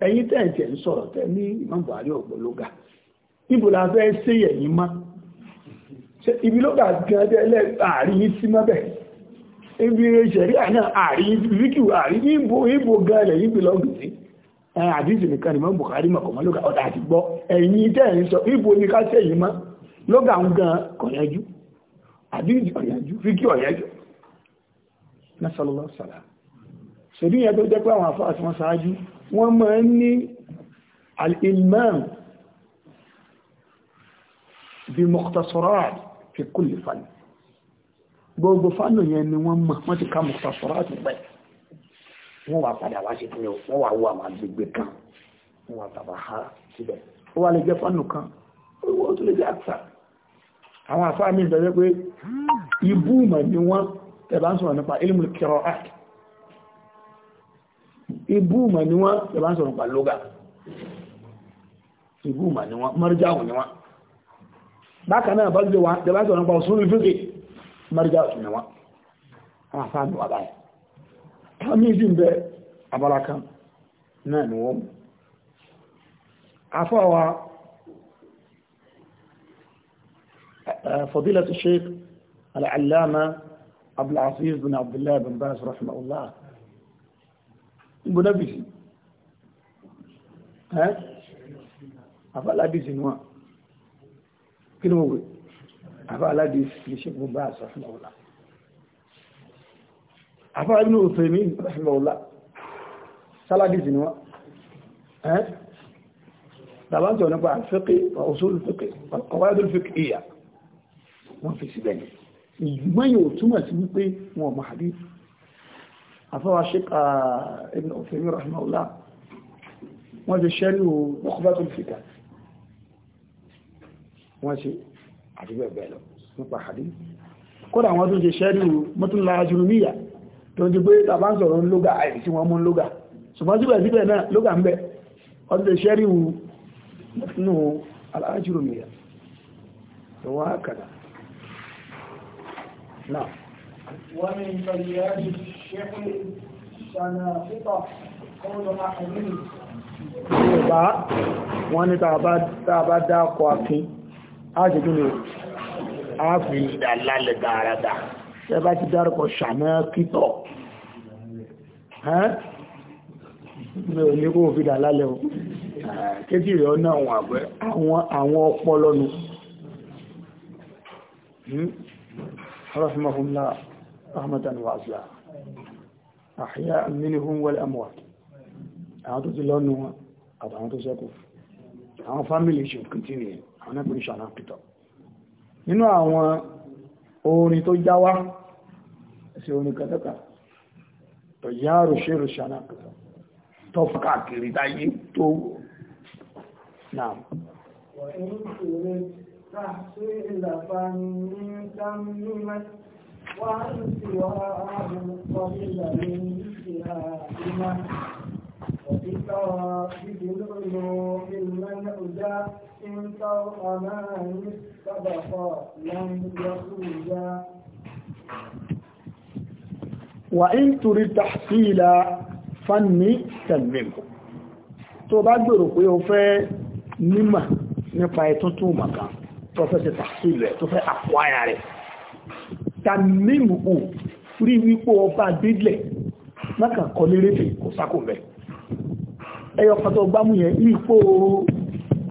ẹ̀yin tẹ́ ẹ̀ tẹ́ ń sọ̀rọ̀ tẹ́ ní Imam Buhari ọ̀pọ̀lọ́gà níbo la fẹ́ ṣe yẹ̀yìn má ṣe ibi ló gbà gẹ́gẹ́ ẹlẹ́ ààrí yìí sí mọ́bẹ̀ ibi ṣẹ̀rí àná ààrí ríkì ààrí níbo ibo gẹ́ẹ̀lẹ̀ yìí bí lọ́gbìn sí àdíjì nìkan ìmọ̀ Bukhari mọ̀kànmọ́lọ́gà ọ̀yájú ríkì ọ̀yájú nasalọ́lọ́ sàlámù ṣèdí yẹn tó jẹ́ pé àwọn àfáà tí wọ́n ṣáájú wọ́n máa ń ní al-ilmam bí mukhtasarat fi kulli fann gbogbo fánà yẹn ni wọ́n mọ̀ wọ́n ti ká mukhtasarat pẹ̀ wọ́n wà padà wá sí fún wọ́n wà wọ́ àwọn agbègbè kan wọ́n wà tàbá ha síbẹ̀ ó wà lè Ibu mà ní wọ́n yẹ bá ń sọ̀rọ̀ pàlógà ibú mà ní wọ́n marjáwù ní wọ́n bákan náà bá jẹ́ wa yẹ bá sọ̀rọ̀ pa òṣùlù fíkì marjáwù ní wọ́n àwọn afáàmì wà báyìí tàbí ìdí ń bẹ abala kan náà ni wọ́n afọ́wa فضيلة الشيخ العلامة عبد العزيز بن bin الله bin باز رحمه gbọ́dọ̀ bìí sí ẹ́ àfàládìsì níwọ̀n kí ni mo wè àfàládìsì kìí ṣe gbogbo àṣà fún ọ̀la àfàládìsì òfin ní ìfẹ́ ọ̀la sáládìsì níwọ̀n ẹ́ tàbátọ̀ nípa àfẹ́kẹ́ ọ̀sọ́lù fẹ́kẹ́ ọ̀wáyádọ́lù fẹ́kẹ́ ìyà wọ́n fi síbẹ̀ ní ìgbìmọ̀ yóò túmọ̀ sí wípé wọn ò máa àfọwà ṣíkà ibn òfèmí rahimahullah wọ́n ti ṣẹ́lú lọ́kọ̀bátò fìkà wọ́n ṣe àti bẹ́ẹ̀ lọ nípa àdí kódà wọ́n tó ṣe ṣẹ́lú mọ́túnlá jùrùmíyà tó ti gbé tàbá ń sọ̀rọ̀ lóga àìsí wọn mú lóga ṣùgbọ́n síbẹ̀síbẹ̀ náà lóga ń bẹ wọ́n ti ṣẹ́kùn ṣànà pípọ̀ ọ̀rọ̀ àkàlẹ́yìn Yorùbá wọ́n ní tàbá dákọ̀ akín, a ṣe gúnlẹ̀ ààfin ìdàlálẹ̀ dáadáa, ṣẹ bá ti dárúkọ ṣàmẹ́ kìtọ̀. Mi ò ní kó fi dàlálẹ̀ o, kéjì rẹ̀ ọ́nà àwọn àgbẹ̀ àwọn ọpọlọ́nu. Hmm? Rahimahullah, Rahmatan Wasi'a. أحياء منهم والأموات àwọn tó ti lọ́nu wọn àtàwọn tó ṣẹ́kù àwọn family should continue àwọn náà pẹ̀lú ṣàrán pìtọ̀ nínú àwọn orin tó jáwá sí orin kẹtẹ́kà tó yá rọ̀ṣẹ́rọ̀ ṣàrán pìtọ̀ tó káàkiri dáyé tó náà wọ́n وعن سواه قبل من سهامه وذكرى بذنوب المنعجى إن ترأمان سبقا لم يخرجا وإن تريد تحصيل فن تنميه tó bá gbèrò pé o fẹ́ nímọ̀ nípa ẹ̀tún tó mọ̀ kan tó fẹ́ ṣe tàṣílẹ̀ tó tàmímù ò fúrí wípò ọba délẹ̀ mákà kọ lérèfè kò sákò rẹ̀ ẹyọ pàtó gbámú yẹn wípò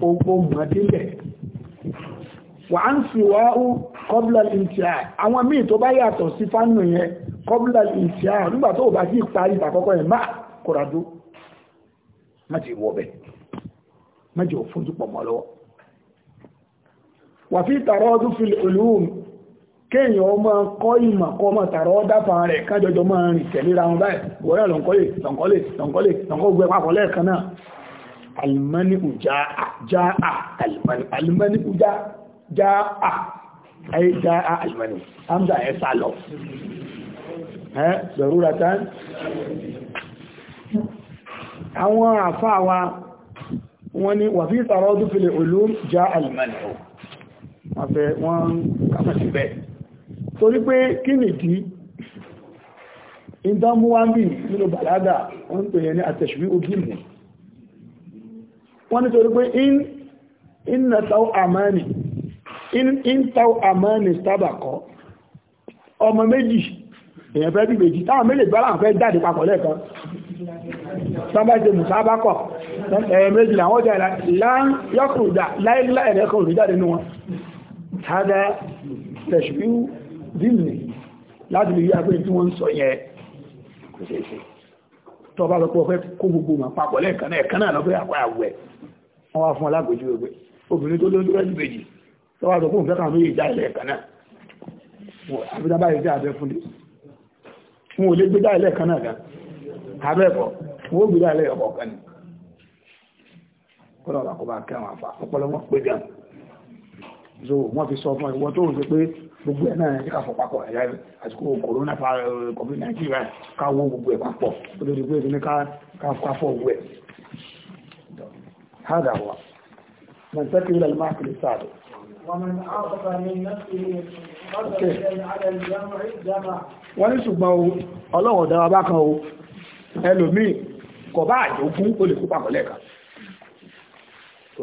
ogbó mọ̀ délẹ̀ wà á ń fi wá ó kọ́bílà ìtìá àwọn míì tó bá yàtọ̀ sí fánù yẹn kọ́bílà ìtìá nígbà tó bá sí parí ìtàkọ́kọ́ yẹn máa kọ́radó má ti wọ́ bẹ̀ má jẹ́ òfúnjú mọ́ lọ́wọ́ wà fi tààrọ́ ọdún fi olóhùn kéèyàn ọmọ kọ́ ìmọ̀ kọ́ ọmọ tààrọ dáfà rẹ̀ kájọjọ máa rìn tẹ̀léra wọn báyìí wọ́n lọ́nkọ́lẹ̀ lọ́nkọ́lẹ̀ lọ́nkọ́lẹ̀ lọ́nkọ́gbẹ́ papọ̀ lẹ́ẹ̀kan náà alimani ujaa alimani ujaa ayé jaa alimani hamza ẹ̀ sá lọ ẹ́ lọ́rúra tán àwọn àfáà wa wọ́n ni wà fí tààrọ́ dúfilẹ̀ olóòm jaa alimani wọ́n fẹ́ wọ́n kàfà sí bẹ́ẹ̀ torí pé kí nìdí ìdánmúwámbì nínú bàlágà wọ́n tó yẹ ní àtẹ̀ṣùwí ogílù wọ́n nítorí pé in na tau amani in tau amani sábàkọ́ ọmọ méjì èyàn fẹ́ bí méjì táwọn méjì gbọ́lá fẹ́ jáde papọ̀ lẹ́ẹ̀kan sábàjẹ́ musábàkọ̀ ẹ̀yàn méjì làwọn jẹ́ láyọ́kùnrùdà láìláì dínì láti lè rí agbé tí wọ́n ń sọ yẹn kò ṣe ṣe tó bá lọ́pọ̀ fẹ́ kó gbogbo mà papọ̀ lẹ́ẹ̀kan náà ẹ̀kan náà lọ́fẹ́ àpá àwẹ̀ wọ́n wá fún alágbèjú ẹgbẹ́ obìnrin tó lóyún lọ́jọ́ méjì tó já ilẹ̀ ẹ̀kan náà àbídábá yìí já abẹ́ já ilẹ̀ ẹ̀kan náà gan abẹ́ẹ̀kọ́ wọn ó já ilẹ̀ ẹ̀kọ́ kan ni kọ́lọ́ ọ̀làkọ́ bá kẹ́wọ̀n àfà ọpọlọ wọn pé gan so wọ́n fi sọ fún ẹ̀wọ́ tó ń sọ pé gbogbo ẹ̀ náà ẹ̀ká fọ papọ̀ ẹ̀yà àsìkò corona eh, covid nineteen rẹ̀ káwọ́ gbogbo ẹ̀ papọ̀ olórí pé ní káfọ́ owó ẹ̀ hádà wa mọ̀ sẹ́kì ilẹ̀ máa sáàdù wọ́n ní ṣùgbọ́n ọlọ́wọ̀ bá kan o ẹlòmíì kọ̀ bá àjò fún olùkú pàpọ̀lẹ́ka tó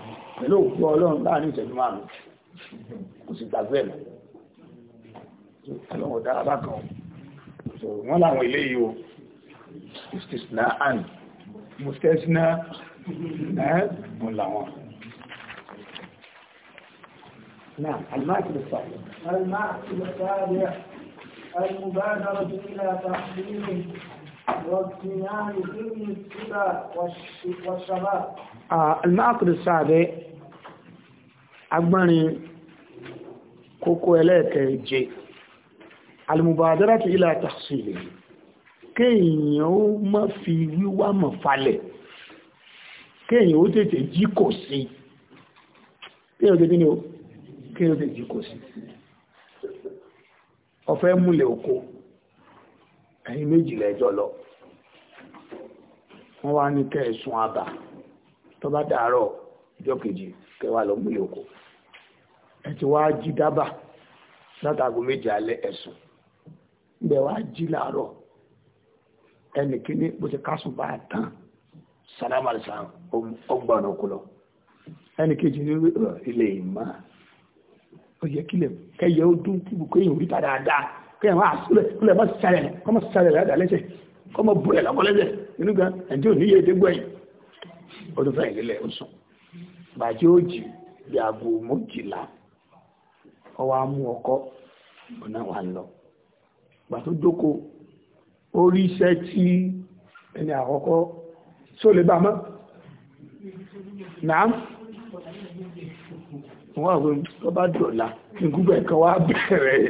pẹ̀lú òkú ọlọ́run láàrin ìṣẹ́jú márùn kò sì gbàgbé ẹ̀ ọlọ́run ọ̀dá alákan wọ́n láwọn ilé yìí o istisna an mustesna ẹ́ wọ́n láwọn نعم الماكل الصالح الماكل الصالح المبادرة إلى تحليله واغتنام سن السبا المعقد السابع agbọ́nrin kókó ẹlẹ́ẹ̀kẹ́je almubadaratu ila tahsili kéèyàn ó má fi wíwá mọ̀ falẹ̀ kéèyàn ó tètè jí kò sí kéèyàn ó tètè ní o kéèyàn ó tètè jí kò sí ọ̀fẹ́ múlẹ̀ oko ẹ̀yìn méjìlá ẹjọ́ lọ wọ́n wá ní kẹ́ẹ̀sùn àbà tó dàárọ̀ ìjọ́ kejì kẹwàá lọ múlẹ̀ oko ẹ ti wá jí dábà látàgò méjì alẹ́ ẹ̀sùn ńbẹ wá jí làárọ̀ ẹnì kíní bó ti kásùn bá tán sàlámù àlìsàn ọgbà ọ̀nà kejì ní ilé ìmọ̀ ó kílẹ̀ kẹyẹ ó dún kíbu kéyìn orí padà dáa kéyìn máa sílẹ̀ máa sàlẹ̀ sàlẹ̀ gan ẹ̀jẹ̀ ò ó tún ó sùn bàjẹ́ ó ọwọ́ amú ọkọ́ ọ̀nà wà lọ gbà tó orí iṣẹ́ tí ẹni àkọ́kọ́ tí lè bá mọ́ náà wọ́n tó bá dọ̀lá ní gúgbẹ̀ kan wá bẹ̀rẹ̀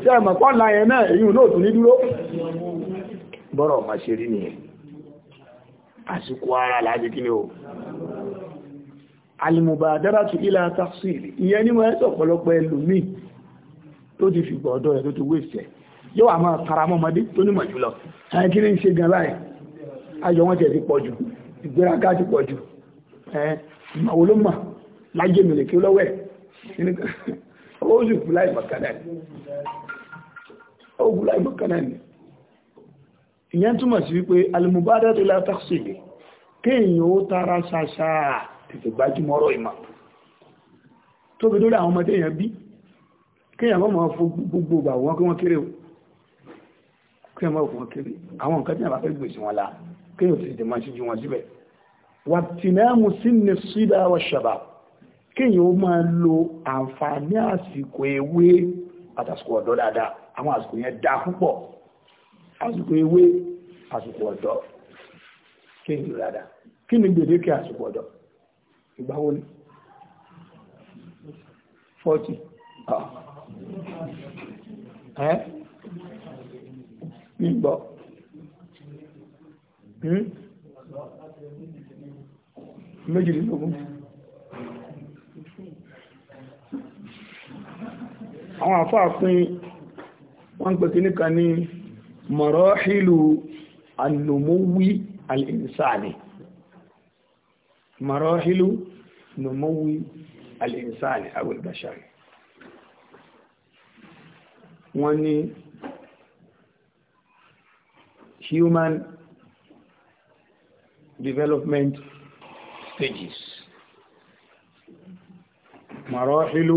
tí a mọ̀ pọ́nlá náà èyí ò lóòtú ní dúró bọ́rọ̀ ma ṣe rí nìyẹn àsìkò ara láti kí o alìmọ̀bàdáratù ilá tafsir ìyẹn ní wọ́n ẹ́sọ̀ ọ̀pọ̀lọpọ̀ ẹlòmí tó ti fi gbọ̀ọ̀dọ̀ ẹ̀ tó ti wéṣẹ̀ yóò wà máa faramọ́ ọmọdé tó nímọ̀ jùlọ ẹ̀kí ní ṣe gan láì ayọ̀ wọn tẹ̀ ti pọ̀ jù ìgbéraká ti pọ̀ jù ẹ̀ ìmọ̀wó ló mà tètè gbájúmọ́rọ̀ ìmọ̀ tó fi lórí àwọn ọmọdé èèyàn bí kéèyàn wọ́n mọ̀ fún gbogbo ìgbà wọn kí wọ́n kéré o kéèyàn mọ̀ fún wọn kéré àwọn nǹkan tí wọ́n bá fẹ́ gbèsè wọn la kéèyàn ti tètè máa ṣíjú wọn síbẹ̀ wà tìmẹ́mù sí ní sídà wọ ṣàbà kéèyàn ó máa lo àǹfààní àsìkò ewé àtàsìkò ọ̀dọ́ dáadáa àwọn àsìkò yẹn dáa púpọ̀ àsìkò ewé àsìkò ọ̀dọ́ kí ni gbèdéke àsìkò ọ̀dọ́ ìgbàwo ni forty ah. ẹ́ gbígbọ́ hmm? méjìlélógún àwọn àfáà pín wọ́n pẹ̀ kí níkan ní mọ̀rọ̀hìlù annumuwi al'insani mọ̀rọ̀hìlù نموي الإنسان أو البشر واني human development stages مراحل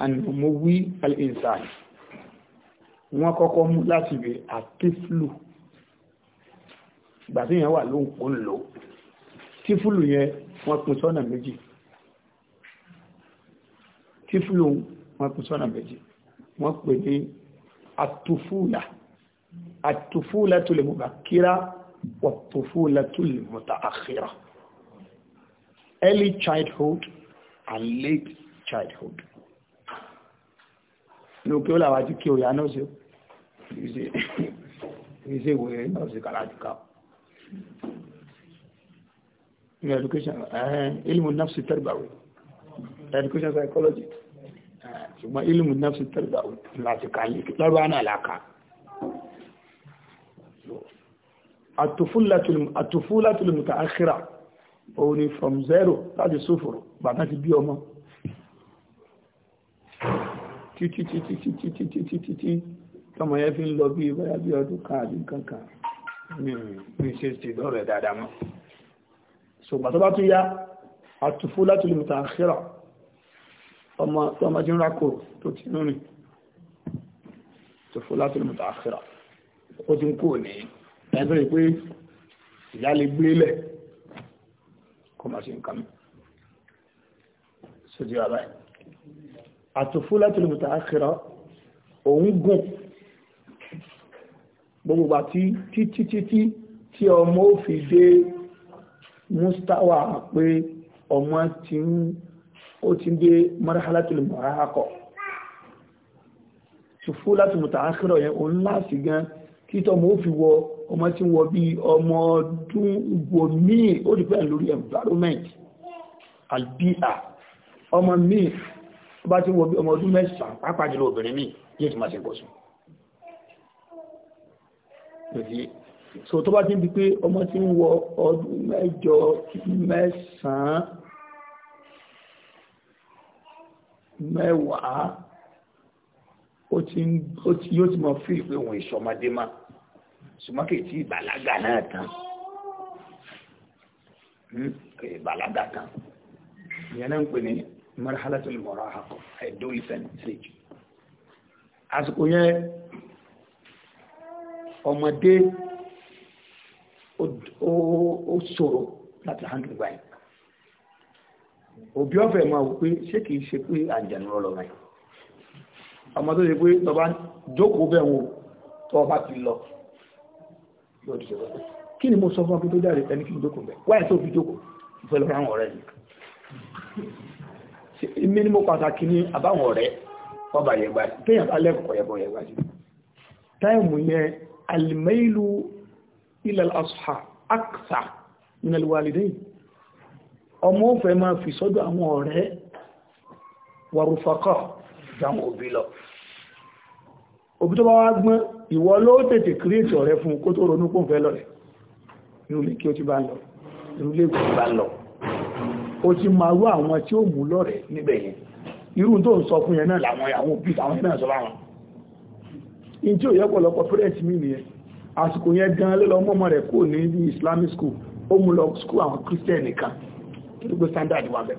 النمو الإنسان wọ́n kọ́kọ́ mú láti bèèrè àtíflù ìgbà tí تفلو يه wọ́n pín sọ́nà méjì tíflù wọ́n pín sọ́nà méjì wọ́n pè ní àtòfúlà àtòfúlà tó lè mú bá kíra wàtòfúlà tó lè mú ta àkíra early childhood and late childhood ní òkè ó làwájú kí òyà náà sí ìṣe náà sí kàlájúká ní education eh, ilmu nafsi tarbawi education psychology ṣùgbọ́n ilmu nafsi tarbawi láti kàyí lọ́rọ̀ náà láka àtòfúlátùlù mùta àkírà òun ni from zero láti sófòrò bàtà ti bí ọmọ títí títí títí títí títí tí tọmọ yẹn fi ń lọ bí ọdún kan kankan ní ìṣẹ́ ìṣẹ́ ìdọ́rẹ̀ dáadáa mọ́ ṣùgbọ́n tó bá tún yá àtúfú láti lè mùtà àṣírà ọmọ tó ọmọ jí ń rákò tó ti ń rìn àtúfú láti lè mùtà àṣírà ó ti ń kò ní ẹgbẹ́ pé ìyá lè gbélẹ̀ kó má ṣe nǹkan sójú àbá àtúfú láti lè mùtà àṣírà òun gùn gbogbo àti títí tí ọmọ ó fi dé mustawa pé ọmọ tí ó ti dé marhalatul murahaqo ṣùfú láti mọ̀ta ákírọ̀ yẹn òun láti gan kí tọmọ ó fi wọ ọmọ tí wọ bí ọmọ ọdún ìgbò míì ó dìpẹ́ lórí environment albia ọmọ míì bá ti wọ bí ọmọ ọdún mẹ́sàn pàápàá obìnrin míì yóò ti máa ṣe pọ̀ so tó bá ti ń bi pé ọmọ ti ń wọ ọdún mẹ́jọ mẹ́sàn-án mẹ́wàá ó ti yóò ti mọ̀ fí ìpé òun ìṣọmọdé máa ṣùgbọ́n tí ìbàlágà náà tán hmm, ìbàlágà tán ìyẹn náà ń pè ní marhalatul murahaqah adolescent stage àsìkò yẹn ọmọdé ó ṣòro láti handle báyìí òbí ọ̀fẹ́ máa wù pé ṣé kìí ṣe pé àjẹ̀nù lọ́lọ́ báyìí ọmọ tó ṣe pé tọba jókòó bẹ̀ wò tọba ti lọ yóò ti ṣe bọ́ kí ni mo sọ fún ọkùn tó jáde ẹni kí n jókòó bẹ̀ wáyé tó fi jókòó fẹ́ lọ́rọ̀ àwọn ọ̀rẹ́ yìí mínimọ̀ pàtàkì ní àbáwọn ọ̀rẹ́ ọba yẹgbà téèyàn alẹ́kọ̀ọ́ yẹgbà yẹgbà sí táìmù yẹn alìmẹ́ìlú ilẹ̀ asha aksa minal walidayn ọmọ òfẹ́ máa fi sọ́dọ̀ àwọn ọ̀rẹ́ warufakọ́ dáwọn òbí lọ òbí tó bá wá gbọ́n ìwọ ló tètè kírètì ọ̀rẹ́ fún kó tó ronú kó fẹ́ lọ rẹ̀ ìrùlé kí ó ti bá lọ ìrùlé kò bá lọ ó ti máa irú àsìkò yẹn gan ló lọ mọ́mọ́ rẹ̀ kúrò ní ibi islamic school ó mú lọ school àwọn christian nìkan tó gbé standard wà bẹ̀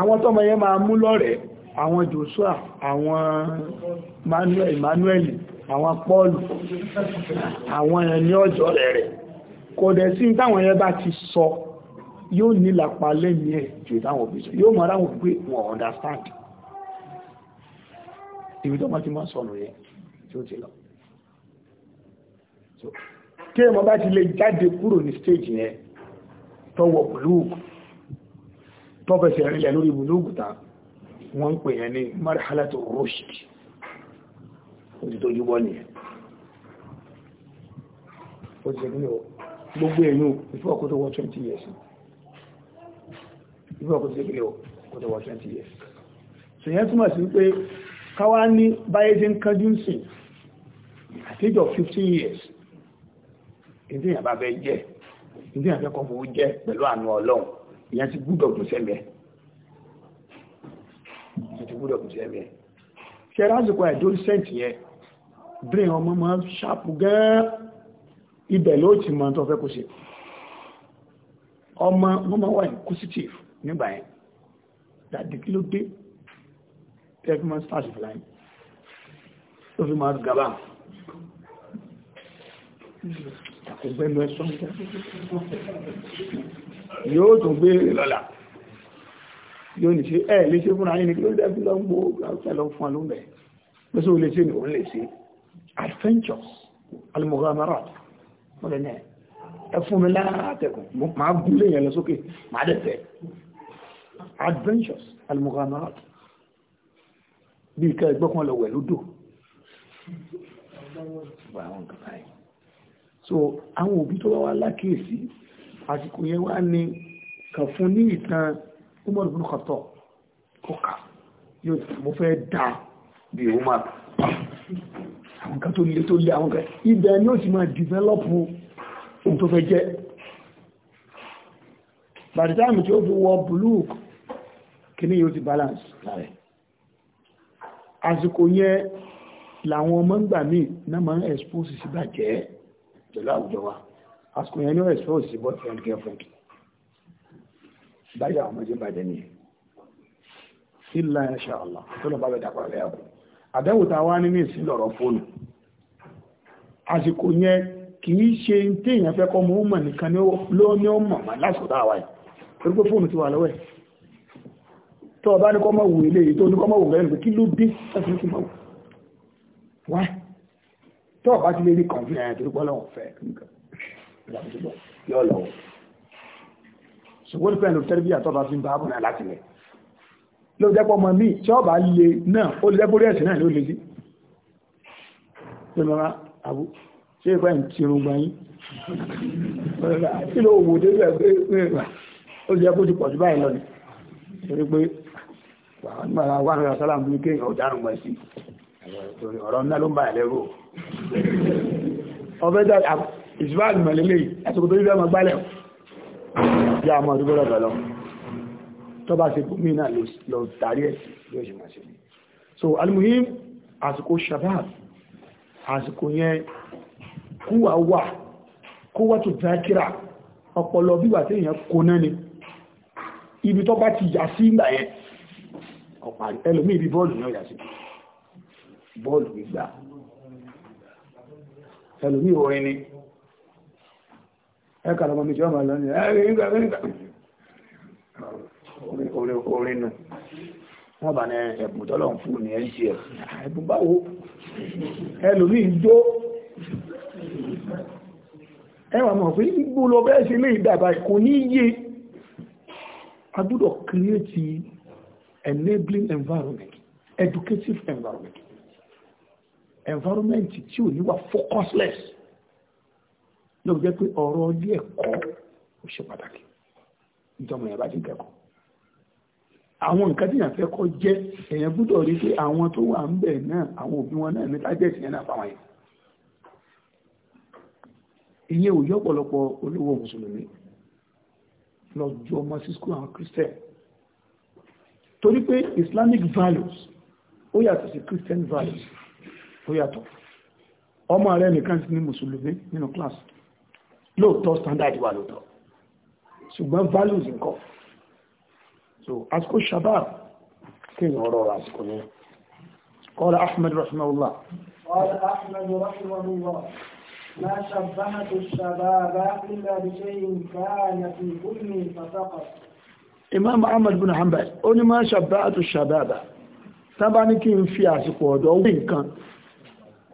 àwọn tọ́mọ yẹn máa mú lọ́rẹ̀ẹ́ àwọn joshua àwọn manuel emmanuel àwọn paul àwọn ẹni ọjọ́ rẹ̀ rẹ̀ kò dẹ̀ sí táwọn yẹn bá ti sọ yóò nílapa lẹ́yìn ẹ̀ jù táwọn òbí sọ yóò mọ̀ ráwọn pé wọ́n understand ìwé tó máa ti máa sọ̀rọ̀ yẹn tí ó ti lọ tí èèmọ̀ bá ti lè jáde kúrò ní stage yẹn tọwọ̀ bùlúùkù tọ́fẹsẹ̀ rílẹ̀ lórí bùlúùkù ta wọ́n ń pè yẹn ní marhalatu rushd ojú tó jùbọ́ nìyẹn ó ti ní gbogbo èyàn ìfẹ́ ọkọ̀ tó wọ́n 20 years ìfẹ́ ọkọ̀ tó jẹ́ ọkọ̀ tó wọ́n 20 years so yẹn túnmọ̀ sí pé káwá ní báyé jẹ́ ń kájú sí àtẹ́jọ 15 years ìdí ìyàbá fẹ́ jẹ́ ìdí ìyàbá kọ́ fowó jẹ́ pẹ̀lú àánú ọlọ́run ìyẹn ti gbúdọ̀ kù sẹ́mẹ̀ ìyẹn ti gbúdọ̀ kù sẹ́mẹ̀ ṣe lásìkò adolescent yẹn brain ọmọ máa ń ṣàpù gẹ́ẹ́ ibẹ̀ ló ti mọ tó fẹ́ kó ṣe ọmọ wọn máa wà inquisitive nígbà yẹn dàdí kí ló dé tẹ́fí máa ń sáàṣì fìláyìn tó fi máa gaba ìgbẹ́nu ẹ̀sọ́ yóò tún gbé lọ́la yóò ní ṣe ẹ̀ lè ṣe fúnra yìí ní ló dẹ́bí lọ ń gbó ọ̀pẹ̀lọ fún alóńgbẹ̀ pẹ́sẹ̀ ò lè ṣe ní òun lè ṣe adventures almughamara wọ́n lè náà ẹ fún mi látẹ̀kùn máa gúnlé yẹn lọ sókè máa dẹ̀fẹ̀ adventures almughamara bí ìkẹ́ ẹgbẹ́ kan lọ wẹ̀ lódò so àwọn òbí tó wá wá lákèésí àsìkò yẹn wá ní kàn fún ní ìtàn Umar ibn Khattab kọkà yóò mo fẹ́ dá bí Umar àwọn kan tó lé tó lé àwọn kan ibẹ̀ ni ó sì máa dìvẹ́lọ́pù ohun tó fẹ́ jẹ́ by the time tí ó fi wọ blúùkù kí ní yóò ti balance láàrẹ̀ àsìkò yẹn làwọn ọmọ ń gbà míì náà máa ń expose sí bàjẹ́ pẹ̀lú àwùjọ wa àsìkò yẹn ní ọ̀rẹ́ sọ́ọ̀ sí bọ́ọ̀tì and girlfriend báyìí àwọn ọmọdé bàjẹ́ nìyẹn sílá ẹ̀ṣà ọ̀la tó lọ bá bẹ̀ dàpọ̀ rẹ̀ ọ̀pọ̀ àdẹ́wò tá a wá ní ìsìn lọ̀rọ̀ fóònù àsìkò yẹn kì í ṣe téèyàn fẹ́ kọ́ mọ́ mọ̀ nìkan ló ní ó mọ̀ mọ́ lásìkò tá wáyé torí pé fóònù ti wà lọ́wọ́ ẹ̀ bá ní kọ́ mọ̀ wò eléyìí tó ní kọ́ mọ̀ wò lẹ́nu pé kí ló dé láti ní kí mọ̀ wò wáyé tó ọba ti lè rí kàn fún ẹ̀yà torípọ́ lọ́wọ́ fẹ́ yọ lọ́wọ́ ṣùgbọ́n nípa ẹ̀lò tẹ́lẹ̀ bí àtọ́ba fi ń bá àbùnà láti lẹ̀ ló jẹ́pọ̀ ọmọ mi tí ọba lè náà ó lè jẹ́pọ̀ rẹ̀ sí náà ló lè sí pé mọ́ra àbú ṣé ìfẹ́ ń tirun gbọ́n yín kí ló wò dé bẹ́ẹ̀ ó jẹ́ kó ti pọ̀ jù báyìí lọ ni torí pé wàhálà wà ní ọ̀sálàmù ní kéèyàn ọ̀darùn-ún torí ọ̀rọ̀ ńlá ló ń báyà lẹ́rù ọ̀fẹ́ dá ìsìbáàlì mọ̀lẹ́lẹ́ ẹ̀sùn tó yíwẹ́ máa gbálẹ̀ bí a mọ̀ ọdún gbọ́dọ̀ bẹ̀lọ tó bá ṣe mí náà lọ tàrí ẹ̀sì yóò ṣe máa ṣe so alimuhim àsìkò shabab àsìkò yẹn kúwà wà kúwà tó dákírà ọpọlọ bíwà tí èèyàn kó náà ni ibi tó bá ti yà sí ìgbà yẹn ọ̀pàá ẹlòmí ibi bọ́ọ̀lù náà yà sí ìgbà bọ́ọ̀lù gbígbà ẹlòmí orin ni ẹ kàlọ́ mọ́mí tí wọ́n máa lọ ní ẹ̀rẹ́ nígbà nígbà orin nù wọ́n bá ní ẹ̀bùn tọ́lọ̀ ń fún ní ngf ẹ̀bùn báwo ẹlòmí jó ẹwà mọ̀ pé gbogbo environment tí ò ní wà focusless ló jẹ́ pé ọ̀rọ̀ ilé ẹ̀kọ́ ó ṣe pàtàkì ìjọba yẹn bá ti kẹ́kọ̀ọ́ àwọn nǹkan tí yàn fẹ́ kọ́ jẹ́ èèyàn gbọ́dọ̀ rí pé àwọn tó wà ń bẹ̀ náà àwọn òbí wọn náà ní tájẹ́sì yẹn náà fáwọn yẹn ìyẹn ò yọ ọ̀pọ̀lọpọ̀ olówó mùsùlùmí lọ ju ọmọ sí skul àwọn christian torí pé islamic values ó yàtọ̀ sí christian values tó yàtọ̀ ọmọ rẹ nìkan sí ní mùsùlùmí nínú kíláàsì lóòótọ́ standard wà lóòótọ́ ṣùgbọ́n values nǹkan so àsìkò shabab kéèyàn ọ̀rọ̀ rẹ̀ àsìkò ní qala ahmed rahimahullah qala ahmed rahimahullah ما شبهت الشباب إلا بشيء كان في كل فسقط imam ahmad bin hanbal ó ní máa ṣàbáàtù ṣàbáàbà tábá ní kí n fi àsìkò ọ̀dọ́ wí nǹkan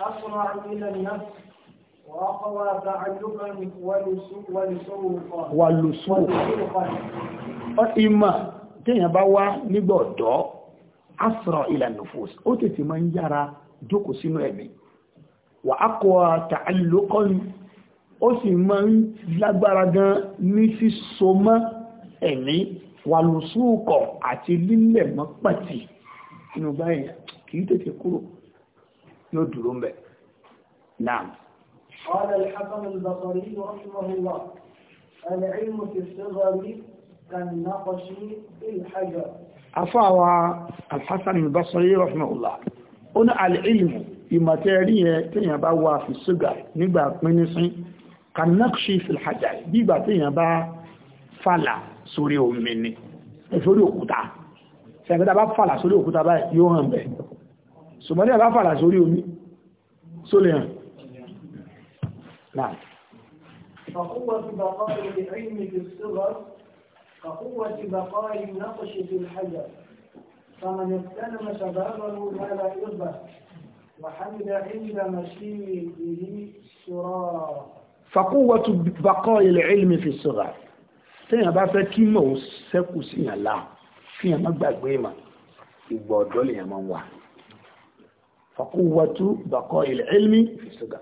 أسرع إلى النفس وأقوى تعلقا ولسوقا ولسوقا ìmọ̀ téèyàn bá wá nígbà ọ̀dọ́ asra ila nufus ó tètè máa ń yára jókòó sínú ẹ̀mí wà aqwa ta'alluqan ó sì máa ń lágbára gan ní síso mọ́ ẹ̀mí wà lùsúùkọ̀ àti lílẹ̀ mọ́ pàtì inú báyìí kìí tètè kúrò yóò dúró ń bẹ̀. Naam. Qala al-Hasan al-Basri rahimahullah, al-ilmu fi as-sighari kan-naqshi bil-hajar. Afọ́ àwa al-Hasan al-Basri rahimahullah, ó ní al-ilmu ìmọ̀tẹ́rí yẹn téèyàn bá wà fi ṣúgà nígbà pínísín kanakshi filhajar bígbà téèyàn bá fàlà sórí omi ni, sórí òkúta. Ṣẹ̀gbẹ́ta bá fàlà sórí òkúta báyìí yóò hàn bẹ́ẹ̀ sùmọ́ní àbáfàlà sórí omi sólè hàn náà فقوة بقاء العلم في الصغر كقوة بقاء النقش في الحجر فمن اغتنم شبابه فلا يربح وحمد عند مشيه سرارا فقوة بقاء العلم في الصغر téèyàn bá fẹ́ kí mọ̀ ó sẹ́kù síyàn láà fíyàn má gbàgbé mà ìgbà ọ̀dọ́ lèèyàn máa ń wà fàkúwàtú bàkọ́ ilẹ̀ ilmi fìṣùgà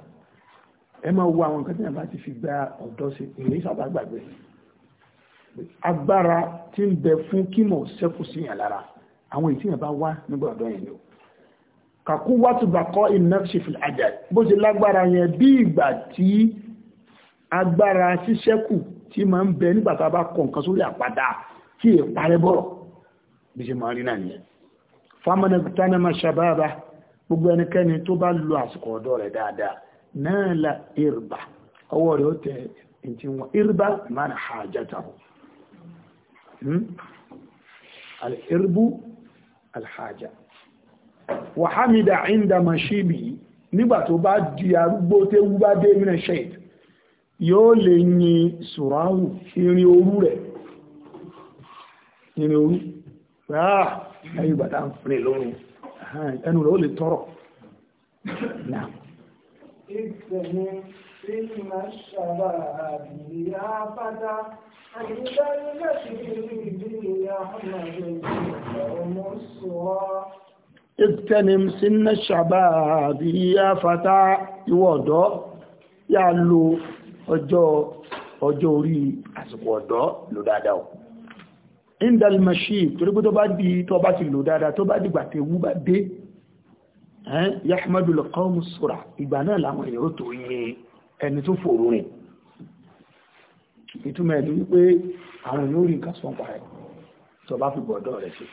ẹ máa wo àwọn nǹkan tí nàbà ti fi gba ọ̀dọ́ sí ìrìn sábà gbàgbé agbára tí ń bẹ fún kímọ̀ sẹ́kù sí yàn lára àwọn èyí tí bá wá nígbà ọ̀dọ́ yẹn ni o kàkúwàtú bàkọ́ ìnáfṣì fìlà àjà bó ṣe lágbára yẹn bí ìgbà tí agbára ṣíṣẹ́kù tí máa ń bẹ nígbà tá a bá kọ nǹkan sórí àpáta tí èèparẹ́ bọ̀rọ̀ bí ṣe máa rí náà nìyẹn famanagutana ma ṣàbáàbá gbogbo ẹnikẹ́ni tó bá lo àsìkò ọ̀dọ́ rẹ̀ dáadáa náà la irba ọwọ́ rẹ̀ ó tẹ ẹ̀tí wọn irba máa rà hajjata hù hmm? al'irbu alhaja wà hamida inda mashibi nígbà tó bá di arúgbó tó wú dé mìíràn shed yóò lè yin sùráhù irin orú rẹ̀ irin orú ráà ah, ẹ̀yìn bàtà ń fìrì lórun ẹnu rẹ̀ ó lè tọrọ náà. ìsẹ̀mí tí kì máa ṣàbà àbìlí àbádá àyíkáyé láti rí ìdílé àmàlẹ́ ọmọ sọ́ọ́. ìtẹ́nim sínú ṣàbà àbìlí àfàtà ìwọ ọ̀dọ́ yà lo ọjọ́ orí àsìkò ọ̀dọ́ lò dáadáa indal machine torí pé tó bá di tó bá ti lò dáadáa tó bá dìgbà tẹ wú bá dé yahmadul qawmu sura ìgbà náà làwọn èèyàn ó tó yẹ ẹni tó fòrò rìn ìtumọ̀ ẹ̀dùn wípé àwọn èèyàn ó rí nǹkan sọ́n pa ẹ̀ tó bá fi gbọ́dọ̀ rẹ̀ sí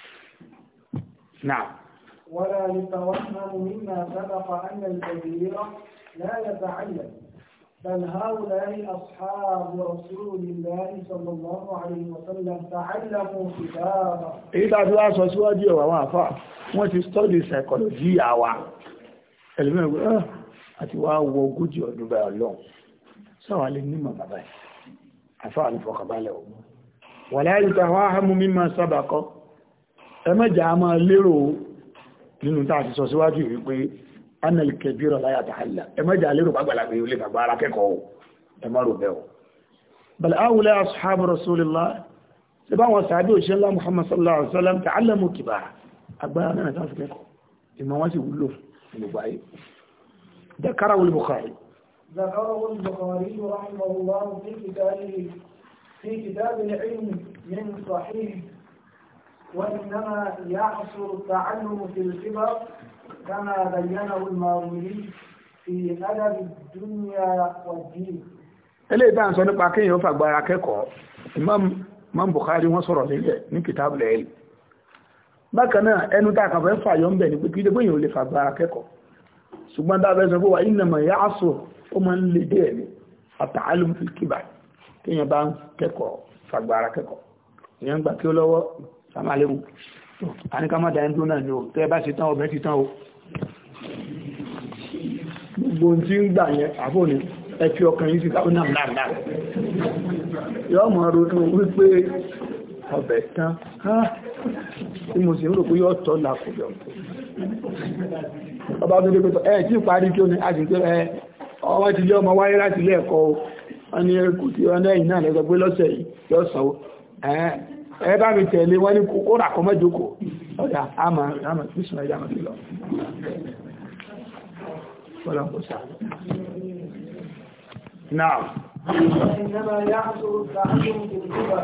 náà wọ́n rẹ̀ àlùfà wọ́n máa mú nínú àgbàgbà بل هؤلاء أصحاب رسول الله صلى الله عليه وسلم تعلموا كتابه èyí tá a fi wá sọ síwájú ọ̀rọ̀ àwọn àfáà wọ́n ti study psychology àwa ẹ̀lẹ́mẹ̀gbẹ́ àti wá wọ ah, ogójì ọdún báyà lọ́n sáwà lè ní màmá báyìí àfáà ní fọkànbalẹ̀ ọ̀hún wà láyé ta wá hámú mímọ̀ sábàkọ́ ẹ mẹ́jà a máa lérò nínú tá a ti sọ síwájú wípé أن الكبير لا يتحلى إما جاء لي ربع ولا بيقول لي فبارك هو إما ربعه بل أولى أصحاب رسول الله سبحان وسعد وجل الله محمد صلى الله عليه وسلم تعلموا كبار أبغى أنا أعرف كيف إما واسي يقول له ذكره البخاري ذكره البخاري رحمه الله في كتابه في كتاب العلم من صحيح وإنما يحصل التعلم في الكبر كما بينه الماوردي في أدب الدنيا والدين ele da sọ nípa kéèyàn fagbára kẹ́kọ̀ọ́ imam imam bukhari wọ́n sọ̀rọ̀ nílẹ̀ ní kitab al-ilm bákan náà ẹnu tá kàn fẹ́ fàyọ ń bẹ̀ ní pé kí dégbé èèyàn lè fagbára kẹ́kọ̀ọ́ ṣùgbọ́n dábẹ́ sọ fún wa innama ya'su ó máa ń lè dé ẹ̀mí at-ta'allum kéèyàn bá ń kẹ́kọ̀ọ́ fagbára kẹ́kọ̀ọ́ gbogbo tí ń gbà yẹn àfóònì ẹ̀fí ọkàn yìí sí káwọn náà dáadáa yọ́ mọ̀ ronú wípé ọbẹ̀ tán tí mo sì ń rò pé yọ́ tọ́ làkùjọ ọba tó dépẹ́tọ̀ ẹ̀ tí parí kí o ní àjíjẹ́ ẹ ọwọ́ ti lé ọmọ wáyé láti ilé ẹ̀kọ́ ọ mi ọ̀dá àmà àmà kìsùn ẹ̀yà àmà sílọ fọ́lọ́pọ̀sá náà إنما يعصر التعلم بالكبر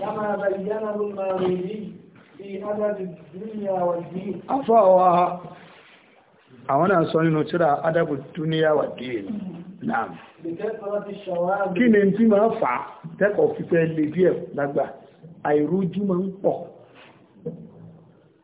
كما بينه الماروزي في أدب الدنيا والدين أفوا àwọn náà sọ nínú tíra adábù dúníyà wà díẹ̀ náà kí ni tí máa fà tẹ́kọ̀ọ́ fífẹ́ lè díẹ̀ lágbà àìrójú máa ń pọ̀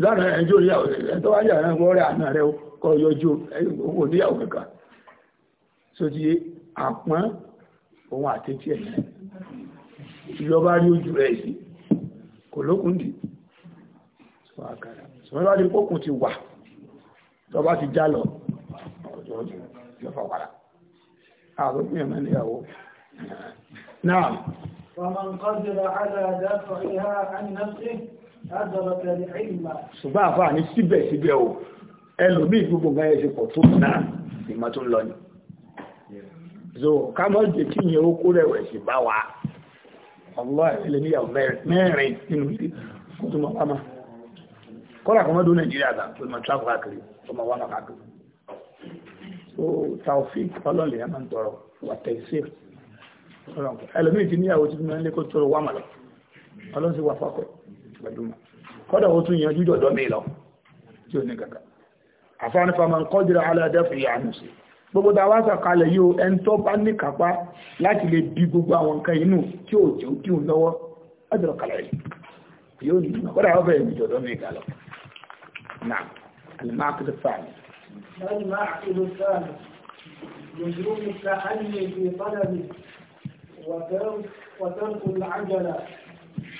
ìlànà ẹjọ́ ìyàwó ìjọba rí ojú rẹ̀ sí kò lókun dì ṣùgbọ́n bá ti kókun ti wà tó ti já lọ ọjọ́ ọjọ́ ìjọba wàrà àwọn ìyàmọ́ níyàwó náà ومن قدر على دفعها عن نفسه ṣùgbọ́n àfà ní síbẹ̀síbẹ̀ o ẹlòmí gbogbo nǹkan ẹ̀ṣe pọ̀ tó náà ìmọ̀ tó ń lọ ni so ká mọ́ jẹ́ kí yẹn ó kó rẹ̀wẹ̀sì bá wa ọlọ́ ẹ̀lẹ́ níyàwó mẹ́rin nínú ilé kó tó máa wámá kọ́lá kan mọ́dún nàìjíríà gbà pé máa travel káàkiri tó máa wámá káàkiri so taofik ọlọ́ọ̀lẹ̀ yẹn máa ń tọrọ wà tẹ̀sí ẹlòmí ti níyàwó ti fi máa ń lé kó tọrọ lọ ọlọ́sí pẹ̀lú wọn kọ́dà ó tún yanjú dọ̀dọ̀ mi lọ tí ó ní kàkà àfáànífà máa ń kọ́dìrà aládẹ́fù ìyànú sí gbogbo tàwa sàkalẹ̀ yóò ẹni tó bá ní kápá láti lè bí gbogbo àwọn nǹkan inú tí ó jẹ́ kí òun lọ́wọ́ ọjọ́ kalẹ̀ yìí yóò ní ìgbà kọ́dà ọ̀fẹ́ ìlú dọ̀dọ̀ mi gà lọ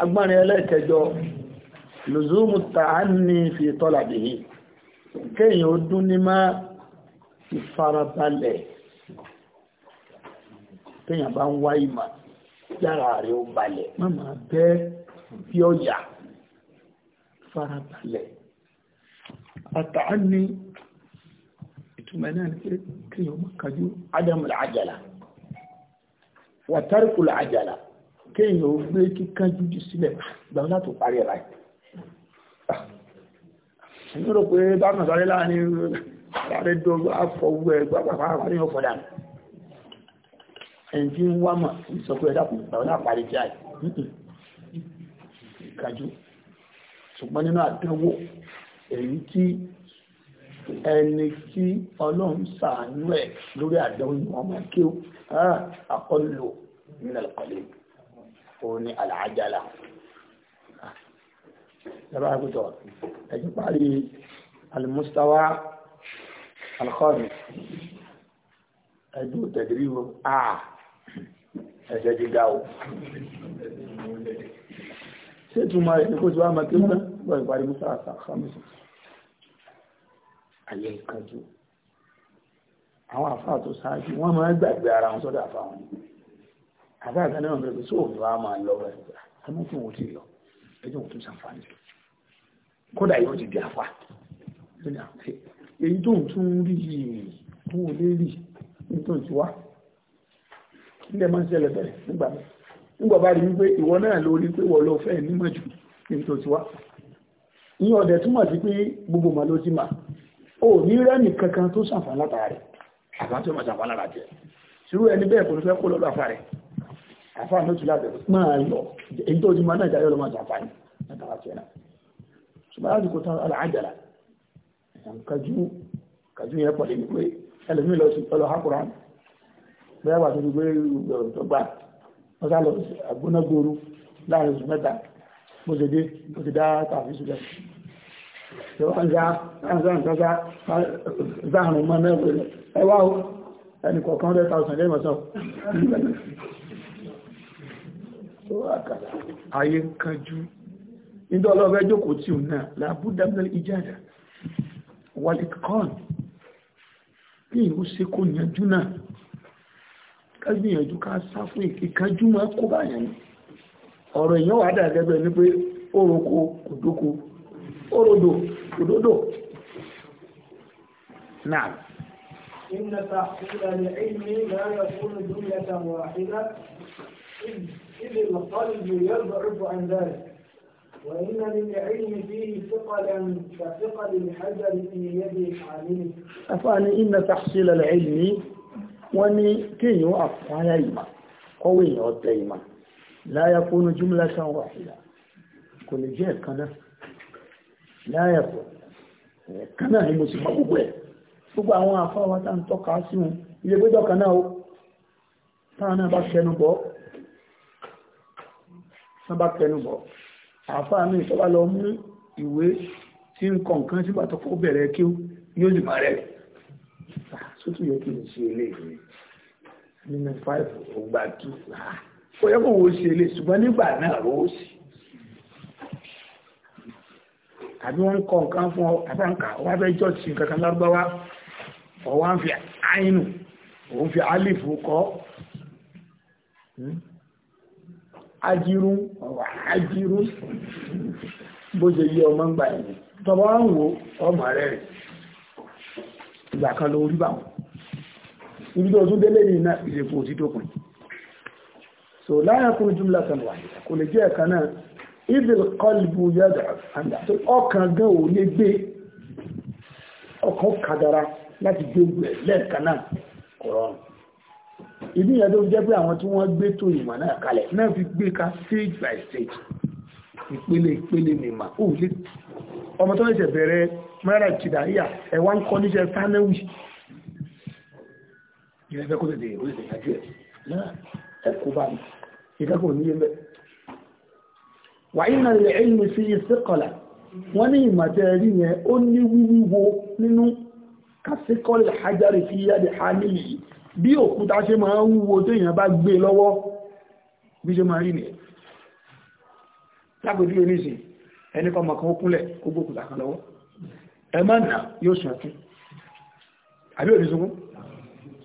agbárin ẹlẹ́kẹjọ lùzúmù tààmì fi tọ́làbìhì kéyìn ó dún ní máa ìfarabalẹ̀ téyàn bá ń wá ìmà yára rẹ̀ ó balẹ̀ mọ́mà bẹ́ bí ọ̀yà farabalẹ̀ àtàání ìtumẹ̀ náà ní pé kéyìn ó mọ́ kájú adam al-ajala wà tarku kéèyàn ó gbé kíkánjú jù sílẹ̀ gbà láti parí ẹ̀ láì ní rò pé bákan sáré láàrin ààrẹ dọ́gbọ́ afọwọ́ ẹgbà pàpàpà ní ọ̀fọ̀dà ẹni tí ń wá mọ̀ sọ pé ẹ̀dàkùn gbà láparí jẹ́ àì kájú ṣùgbọ́n nínú àdánwò èyí tí ẹni tí ọlọ́run ṣàánú ẹ̀ lórí àdánwò ọmọ kí ó ah, àkọlù nílẹ̀ kọ̀lẹ́gbẹ̀ ó ní àlàájálà lọ́wọ́ àgùtọ̀ ẹ̀jẹ̀ parí alimustawa alkhọ́mi ẹ̀dùn tẹ̀dìrìwò a ẹ̀jẹ̀ gíga o ṣé túmọ̀ rẹ̀ ní kó tí wàá máa kéwọ́n lọ́wọ́ ìparí mustawa alkhọ́mi ayé ìkanjú àwọn àfáà tó ṣáájú wọ́n máa gbàgbé ara wọn sọ́dọ̀ àfáà wọn àbá àgbà náà bẹ̀rẹ̀ sí òun wa máa lọ rẹ̀ ẹmú fún òun lọ ẹjọ́ òun tún kódà yóò ti di àfà èyí tó ń tún rí yìí tó ń lé rí nítorí ti wá ilé máa ń ṣẹlẹ̀ bẹ̀rẹ̀ nígbà nígbà bá rí wípé ìwọ náà lórí pé wọ́n lọ fẹ́ nímọ̀ jù nítorí ti wá ìyẹn ọ̀dẹ̀ túmọ̀ sí pé gbogbo màá ló ti mà ó ní rẹ́nì kankan tó ṣàǹfààní látara àbá tó máa ṣàǹfààní látara rẹ̀ ẹni bẹ́ẹ̀ kò ní fẹ́ kó lọ́dọ̀ àfa àfáà ló ti lábẹ̀ máa lọ èyí tó ti máa náà jáyọ́ lọ́mọ àtàfáà ní àtàwà tí ẹ̀nà ṣùgbọ́n láti kò tán aláàjára kajú kajú yẹn pọ̀ lẹ́nu pé ẹlòmí lọ sí ọlọ́ hákùrán bẹ́ẹ̀ wà tó ti gbé ọ̀rọ̀ tó gbà wọ́n sá lọ àgbóná gbòòrú láàrin oṣù mẹ́ta mo ṣe dé mo ti dá tàbí ẹwà ẹni kọ̀ọ̀kan 100,000 lẹ́yìn ọ̀sán tó ndị ayé ń kájú nítorí ọlọ́rọ̀ ẹjọ́ kò tí ò náà làbúdà mílẹ̀ ìjàdà kí ìlú ṣe kó yanjú náà ká ká sá fún máa kó bá yẹn ọ̀rọ̀ èèyàn wà dà gẹ́gẹ́ ní pé náà إن إذ القلب يبعد عن ذلك وإن للعلم فيه ثقلا كثقل الحجر في يد حامله أفأنا إن تحصيل العلم وأن كي يعطى يما قوي الديمة لا يكون جملة واحدة كل جهة كان لا يكون كان هي مصيبة أبوه gbogbo àwọn àfáwátà ń tọ́ka sí ilé gbẹ́jọ́ kan ó tánà bá ṣẹnu bọ́ tán bá pẹnu bọ̀ àáfàá mi tó bá lọ mú ìwé tí ń kọ nǹkan sígbà tó kó bẹ̀rẹ̀ kí ó yóò lè má rẹ̀ sótú ah, yẹ kí n ṣe eléyìí nínú fáìfù ògbà tù kò yẹ kó wo ṣe eléyìí ṣùgbọ́n nígbà náà ló sì àbí wọ́n ń kọ nǹkan fún ọ àbáǹkà wọ́n fẹ́ jọ́ sí nǹkan kan lárúbáwá ọ̀wá ń fi àínù òun fi àálìfù kọ́ hmm? ajírún ọ̀wà ajírún bó ṣe yí ọmọ ń gbà ẹ̀yìn tọba ń wo ọmọ rẹ̀ rẹ̀ ìgbà kan ló rí bà wọn ibi tó tún délé ní iná ìrèpò òtítòkùn so láyàkùn jùmlá kan wà kò lè jẹ́ ẹ̀kan náà ìdìl kọlùbù yàdà àti ọkàn gan ò lè gbé ọkàn kàdára láti gbé lẹ́ẹ̀kan náà kò rọrùn ìdí ìyẹn tó jẹ́ pé àwọn tí wọ́n gbé tó ìmọ̀ náà kalẹ̀ náà fi gbé ká stage by stage ìpele ìpele nìmọ̀ ó lé ọmọ tó lẹ́sẹ̀ bẹ̀rẹ̀ mẹ́rẹ̀ ìtìdáyà ẹ̀wà ń kọ́ níṣẹ́ sánéwì ìrẹ́fẹ́ kó tètè ìwé ìsẹ̀yájú ẹ̀ náà ẹ̀kọ́ bá mi ìkẹ́kọ̀ọ́ níye mẹ́ wà ìnà wọ́n ní ìmọ̀tẹ́ rí yẹn ó ní wíwíwo nínú kásíkọ́lẹ̀ hajjari fi yá di hàmìlì yìí bí òkúta ṣe máa ń wúwo téèyàn bá gbé lọ́wọ́ bí ṣe máa rí nìyẹn lágbèjú oníṣìn ẹni kan mọ̀kan kúnlẹ̀ kó gbókúta kan lọ́wọ́ ẹ má nà yóò sùn ẹkún àbí òdìsúnkún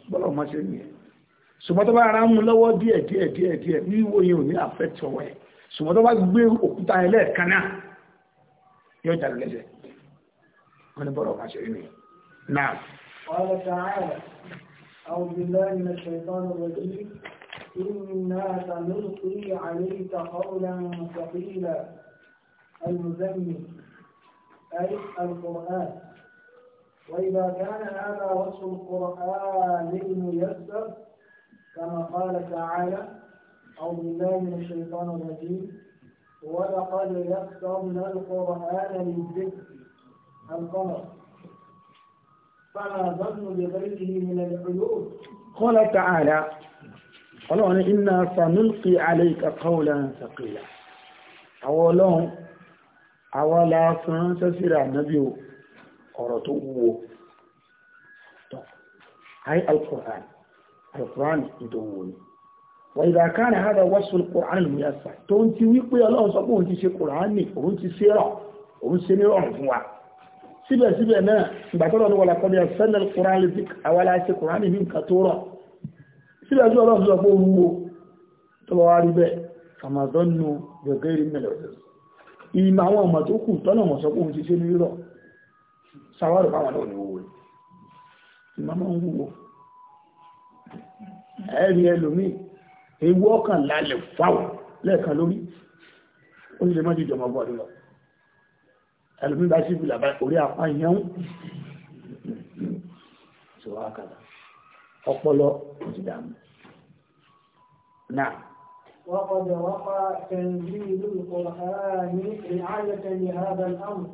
bọ́lọ̀ mọ́ ṣe nìyẹn ṣùgbọ́n tó bá ara mú lọ́wọ́ díẹ̀ díẹ̀ díẹ̀ díẹ̀ wíwo yìí ò ní àfẹ́tọ̀ ẹ̀ ṣùgbọ́n tó bá gbé òkúta ẹlẹ́ẹ̀kan náà yóò jà lẹ́sẹ̀ wọ́n ní bọ́lọ̀ mọ́ ṣe nìyẹn náà أعوذ بالله من الشيطان الرجيم إنا سنلقي عليك قولا ثقيلا المزمل أي القرآن وإذا كان هذا وصف القرآن الميسر كما قال تعالى أعوذ بالله من الشيطان الرجيم ولقد يسرنا القرآن للذكر القمر فما ظن قال تعالى ọlọ́run iná sanúlùkì àlèkà kọ́ọ̀lá ṣàkìlá àwọn ọlọ́run àwọn aláàfin sẹ́sìrà náàbí ọ̀rọ̀ tó wúwo tọ́ ayé alkùnrin alkùnrin ìtò wúwo ni wọ́n ìdá káàrin hádà wọ́sùn kùnrin mú yásà tó ń ti wípé ọlọ́run sọ síbẹ̀síbẹ̀ náà ìgbàtọ́rọ̀ ní wọlàkọ́dẹ̀ sẹ́lẹ̀ kùránì zik àwọlá ṣe kùránì ní nǹkan tó rọ̀ síbẹ̀síbẹ̀ ọlọ́run sọ pé wúwo tó bá wá rí bẹ́ẹ̀ samazọ́nù gẹ̀gẹ́rì mẹ́lẹ̀ ìmọ̀ àwọn ọmọ tó kù tọ́nà wọn sọ pé òun ti ṣe ní rírọ̀ sàwárò báwọn náà ní wúwo ìmọ̀ fáwọn lẹ́ẹ̀kan lórí ó sì lè má lọ ẹlòmí bá sí fìlà báyìí orí apá yẹn tó wá kàdà ọpọlọ وقد وقع تنزيل القرآن رعاية لهذا الأمر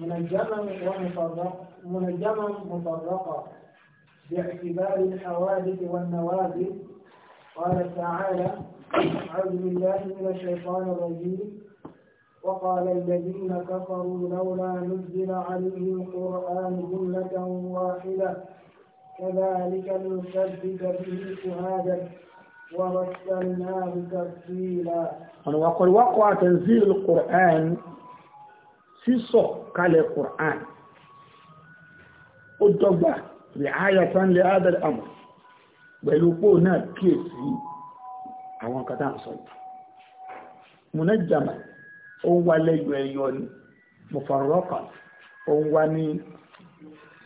منجما ومفرقا منجما مفرقا باعتبار الحوادث والنوازل قال تعالى أعوذ بالله من الشيطان الرجيم وقال الذين كفروا لولا نزل عليه القرآن جملة واحدة كذلك نثبت به شهادك ورسلناه تفصيلا وقل وقع تنزيل القرآن في صحك القرآن ó رعاية لهذا الأمر hadha al-amr pẹ̀lú pò náà kíyèsí àwọn kàtà sọ̀rọ̀ منجمه ó wá lẹ́yọ ẹyọ ni mufarọ́kà ó wá ní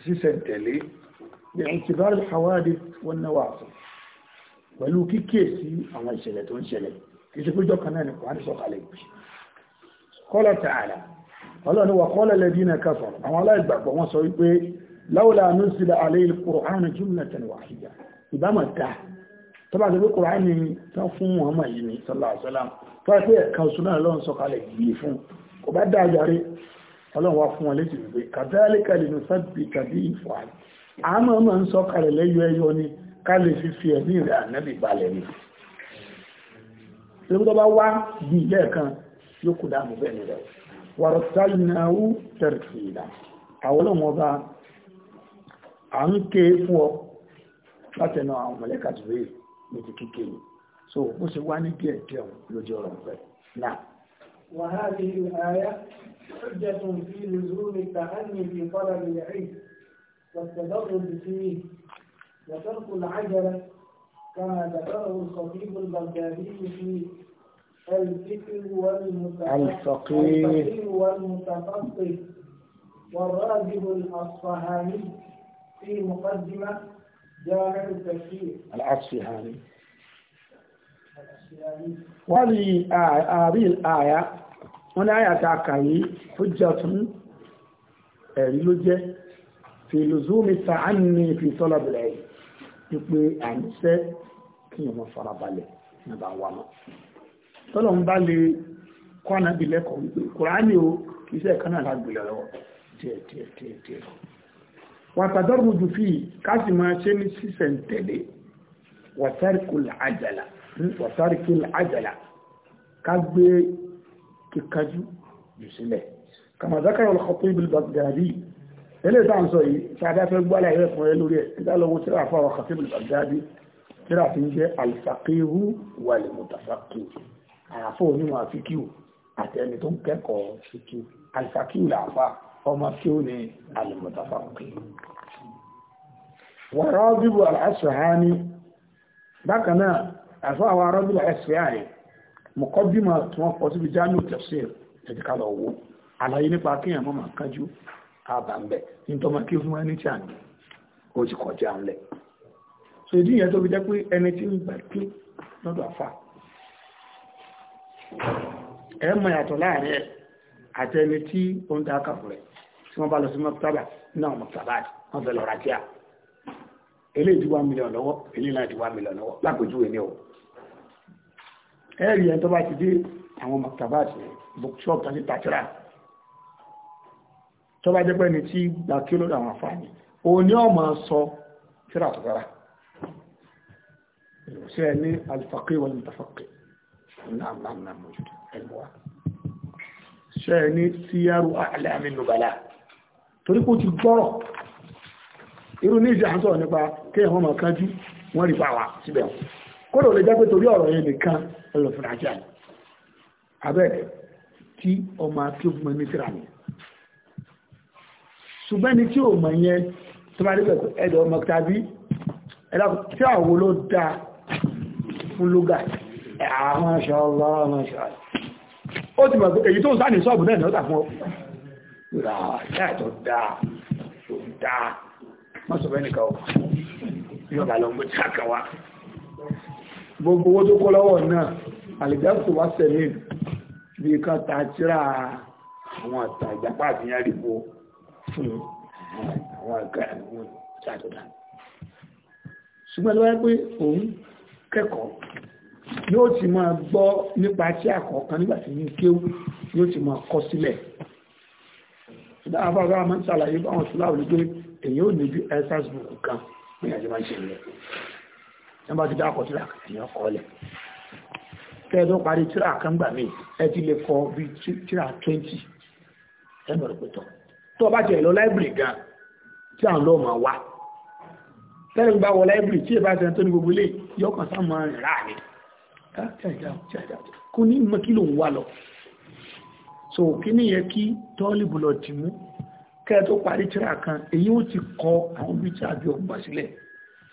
sísẹ̀ntẹ̀lé bí i ti bá àwárí wọn náà wà fún pẹ̀lú kíkèsí àwọn ìṣẹ̀lẹ̀ tó ń ṣẹlẹ̀ kìí ṣe péjọ kan náà ni kò á ní sọ̀kalẹ̀ ìpì qala ta'ala ọlọ́ni wà qala alladhina kafaru àwọn aláìgbàgbọ́ wọn sọ wípé lawla nuzila alayhi al-qur'anu jumlatan wahida ìbámọ̀ ta tọ́bà tó bí kùránì tán fún Muhammad yìí ní sallallahu tọ́ẹ̀fẹ́ ẹ̀kan ṣúná lọ́n sọ̀kalẹ̀ yìí fún kò bá dájáre ọlọ́run wá fún wọn létí wípé kàtàlẹ́kàlẹ̀ ní sábì tàbí ìfọ̀ àmọ́ máa ń sọ̀kalẹ̀ lẹ́yọ ẹyọ ni ká lè ẹ̀mí rẹ̀ ànábì balẹ̀ ni ṣe tó bá wá bí ilé ẹ̀kan yóò kú dáàbò bẹ́ẹ̀ ni rẹ̀ wàrọ̀ sáyìnàwó tẹ̀rẹ̀fìlà àwọn ọlọ́run ọba à ń ké fún so bó ṣe wá ní díẹ̀ نعم وهذه الآية حجة في لزوم التأني في طلب العلم والتدرب فيه وترك العجلة كما ذكره الخطيب البغدادي في الفقه والمتفقه والمتفقه والراجل الأصفهاني في مقدمة جامع التفسير الأصفهاني wali àríl àyà wọ́n ní àyàtà àkàyí hujjatun ẹ̀rí ló jẹ́ fèlòzómi sàánì fi tọ́lọ̀bìlẹ̀ ìpé àìsẹ́ kí o mọ́ farabalẹ̀ nígbà wà mọ́ tọ́lọ̀ ń bá lè kọ́nà bílẹ̀ kọ̀ wípé kùránì o kìí sẹ́ kánà lágbìlẹ̀ lọ́wọ́ tíẹ̀tíẹ̀tíẹ̀ wàtàdọ́rùn-ún jù fi káàsì máa ṣe wàsárì kí ní àjàlá ká gbé kíkájú jù sílẹ̀ kàmàzákàrà ọlọ́kọ̀tún ibi bagdadi ilé ìtàn sọ yìí tí a dá fẹ́ gbọ́lá ìwé fún ẹ lórí ẹ̀ ìdálọ́wọ́ tí a fọwọ́ kàtí ibi bagdadi tí a fi ń jẹ́ alfaqihu bákan náà àfọ́ àwọn arábìlà ẹ̀sẹ̀ àrẹ mọ̀kọ́bímọ̀ tí wọ́n kọ síbi jáàmù tafsir ẹ̀díkà lọ wò àlàyé nípa kíyàn mọ́ màá kájú àbàmbẹ̀ nítorí kí fún ẹni tí à ní ó ti kọjá ńlẹ̀ so ìdí ìyẹn tó fi jẹ́ pé ẹni tí ń gbà pé lọ́dọ̀ àfà ẹ mọ̀ yàtọ̀ láàrin ẹ̀ àti ẹni tí ó ń dá kàfù rẹ̀ tí wọ́n bá lọ sí mọ́tàbà náà mọ́tàbà wọ́n fẹ́ lọ rajà eléyìí ti wá mílíọ̀n lọ́wọ́ eléyìí náà ti wá mílíọ̀n lọ́wọ́ lápèjúwe ni o ẹ̀rí ẹ̀ tó bá ti dé àwọn maktabasi bookshop tàbí tàtírà tó bá jẹ́ pé ní tí gbà kí ló dàwọn àfáàní òní ọmọ sọ tíra tó rárá ṣe ní alfaqih wal mutafaqih náà náà náà mọ̀ jù ẹ̀mọ́ wa ṣe ní síyárù a'lami nubala torí kó ti gbọ́rọ̀ kódò lè jẹ́ pé torí ọ̀rọ̀ yẹn nìkan ẹlòfin ajá abẹ́rẹ́ tí ọmọ akéwùmọ̀ ní síra mi ṣùgbọ́n ní tí ò mọ̀ yẹn tó bá rí pẹ̀lú ẹ̀dọ̀ ọmọ tàbí tí àwo ló da fún lóga àwọn aṣọ ọlọ́run aṣọ ó ti mọ̀ pé èyí tó ń sáà ní sọ́ọ̀bù náà lọ́tà fún ọ Yọba lọ mú tí a gbogbo owó tó kó lọ́wọ́ náà àlìgbẹ́sù wá sẹ́lẹ̀ bí kan ta tíra àwọn àtà ìjàpá àfihàn rìbó fún àwọn ẹ̀ka àwọn ìjàdọ̀dà ṣùgbọ́n lọ́wọ́ pé òun kẹ́kọ̀ọ́ yóò ti máa gbọ́ nípa tí àkọ̀ọ̀kan nígbà tí ní kéwú yóò ti máa kọ sílẹ̀ ṣùgbọ́n afọ́gbà máa ń ṣàlàyé báwọn ṣùláwò ní pé èyí ò ní bí ẹsàsbùkù kan ní àjẹmáṣẹ́ rẹ̀ wọ́n bá ti dá ọkọ̀ tíra èèyàn kọ́ lẹ̀ kẹ́ẹ̀dọ́ parí tíra kan gbà mí ẹ ti lè kọ bí tíra twenty ẹ bẹ̀rẹ̀ pẹ̀tọ̀ tó bá tiẹ̀ lọ láìbìrì gan tí à ń lọ́ọ̀ máa wá tẹ́lẹ̀ bá wọ láìbìrì tí ìbá tẹ́lẹ̀ tó ní gbogbo ilé yọkàn sá máa rà ní kò ní mọ kí ló ń wá lọ so ní yẹ parí tíra kan èyí ó ti kọ àwọn bí tíra bí ọgbà sílẹ̀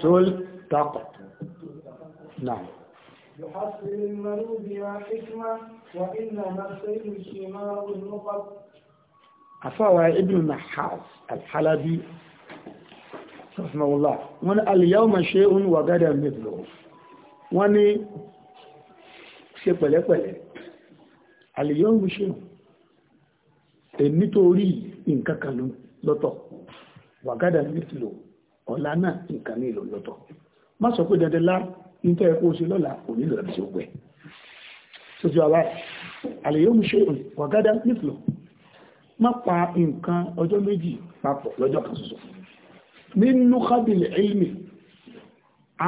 تلتقط نعم بحسب المنوب وحكمة وإنما السيد شمار النقط أفوى ابن النحاس الحلبي رحمه الله wọ́n اليوم شيء وغدا مثله wọ́n ní ṣe اليوم شيء èmi tó rí nǹkan وغدا مثله ọ̀la náà nǹkan ní ìlò lọ́tọ̀ má sọ pé dandan lá ní tẹ́ ẹ̀kọ́ ṣe lọ́la kò nílò ẹ̀bí sí ogun ẹ̀ sójú àwa àlèyé mú ṣe ọ̀gádá nífìlọ̀ má pa nǹkan ọjọ́ méjì papọ̀ lọ́jọ́ kan ṣoṣo nínú kábìlì ilmi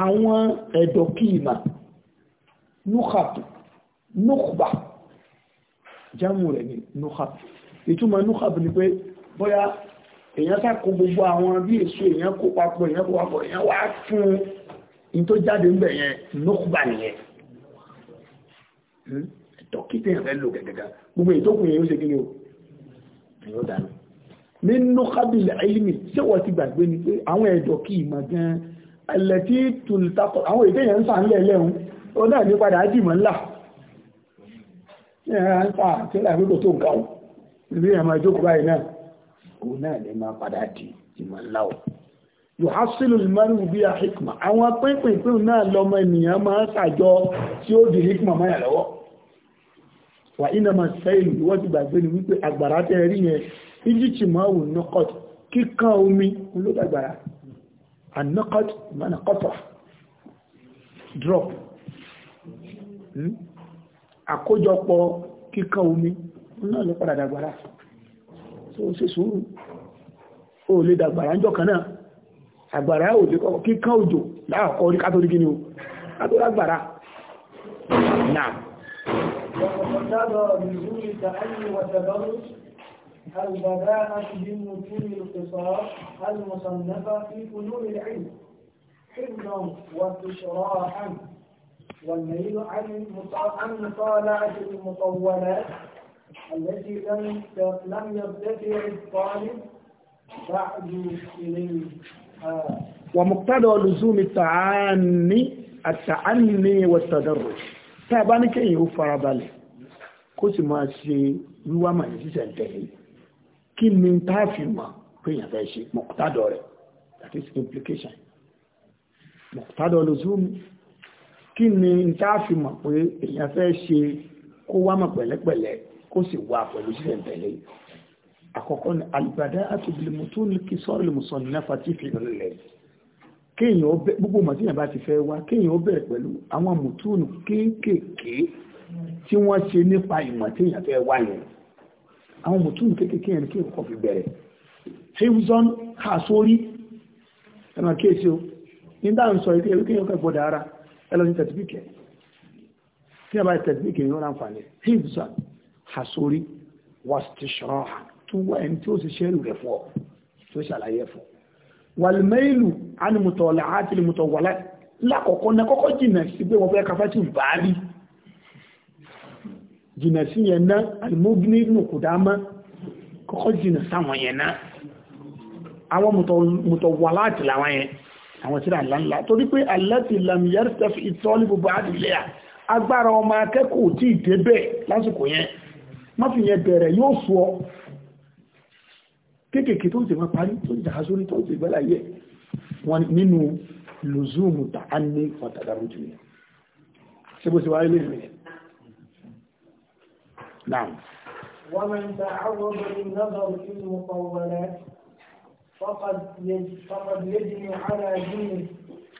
àwọn ẹ̀dọ̀ kíìmà núkàtù núkùbà jámù rẹ̀ ní núkàtù ìtumọ̀ núkàtù ni pé bóyá èyàn sákò gbogbo àwọn bí èso èyàn kó papọ̀ èyàn kó papọ̀ èyàn wá fún in tó jáde ń bẹ̀ yẹn nókùbà nìyẹn hmm? ẹ̀tọ́ kí tẹ̀yàn fẹ́ lò gẹ̀gẹ̀gẹ̀ gbogbo èyí tó ṣe kí ni o èyàn dànù ní nókàbìlì ayémi ṣé wọ́n ti gbàgbé ni pé àwọn ẹ̀dọ̀ kì í mọ̀ gan ẹlẹ́ tí tòlùtakọ̀ àwọn èdè yẹn ń sàn ń sàn òun náà ní máa padà di ìmọ̀ ńlá o yòhásílù ìmọ̀rún bí i hikma àwọn pínpínpín náà lọmọ ènìyàn máa ṣàjọ tí ó di hikma máyà lọ́wọ́ wà iná máa sẹ́yìn wọ́n ti gbàgbé ni wípé àgbàrá tẹ́ rí yẹn egypt máa wù nọ́kọ̀t kíkan omi olódàgbàrá anọ́kọ̀t ìmọ̀nà kọ́tọ̀ drop hmm? àkójọpọ̀ kíkan omi náà ló padà dàgbàrá tó ṣe sùúrù ó lè dàgbàrá jọ kan náà àgbàrá ò lè kọ́kọ́ kíkán òjò láàkọ́ orí kátó gíní o kátó lágbàrá náà البداءة المصنفة في فنون العلم حفظا واستشراحا والميل عن مطالعة المطولات التي لم لم يرتفع الطالب بعد إليها ومقتضى لزوم التعاني التعني والتدرج tàbá ní kéyìn ó farabalẹ̀ kó sì máa ṣe wíwá mà ní sísẹ̀ tẹ̀lé kí ni táàfin mà péyàn fẹ́ ṣe mọ̀kútádọ̀ rẹ̀ that is implication mọ̀kútádọ̀ lóṣùmí kí ni táàfin mà pé èyàn fẹ́ ṣe kó wá mọ̀ pẹ̀lẹ́pẹ̀lẹ́ kó sì wá pẹ̀lú sílẹ̀ tẹ̀lé àkọ́kọ́ ni alìbàdá àtòbìlìmù tó ní kí sọ́ọ̀lùmùsọ̀ ní náfà tí fi ìrìnlẹ̀ kéèyàn gbogbo màtíyàn bá ti fẹ́ wá kéèyàn ó bẹ̀rẹ̀ pẹ̀lú àwọn mùtúùnù kéékèèké tí wọ́n ṣe nípa ìmọ̀ téèyàn fẹ́ wá yẹn àwọn mùtúùnù kéékèèké yẹn kí nǹkan fi bẹ̀rẹ̀ hewson ha sórí ẹ̀mà kéèsì o ní dáhùn sọ ilé ẹ̀rí kéèyàn kẹ́ gbọ́dọ̀ ara ẹ lọ sí tẹ̀síbíkẹ́ tí a bá tẹ̀sí kìí rán àǹfààní hibza hasori wastishraha tó wá ẹni tí ó sì ṣẹ́rù rẹ̀ fọ́ tó ṣàlàyé fọ́ wàlmẹ́ìlù ánimùtọ̀ọ̀lá àti lèmùtọ̀wọ̀lá lákọ̀ọ́kọ́ náà kọ́kọ́ jìnà sí pé wọ́n fẹ́ kafẹ́ tí bá rí jìnà sí yẹn náà alimogini nùkùdámá kọ́kọ́ jìnà sáwọn yẹn náà agbára ọmọ akẹ́kọ̀ọ́ tí ìdébẹ̀ lásìkò yẹn má fi yẹn bẹ̀rẹ̀ yóò ọ kéékèèké tó ti máa parí tó ti dàá sórí tó ti gbẹ́lá yẹ wọn nínú lùzúùmù tà á ní ọ̀tàdàrú jù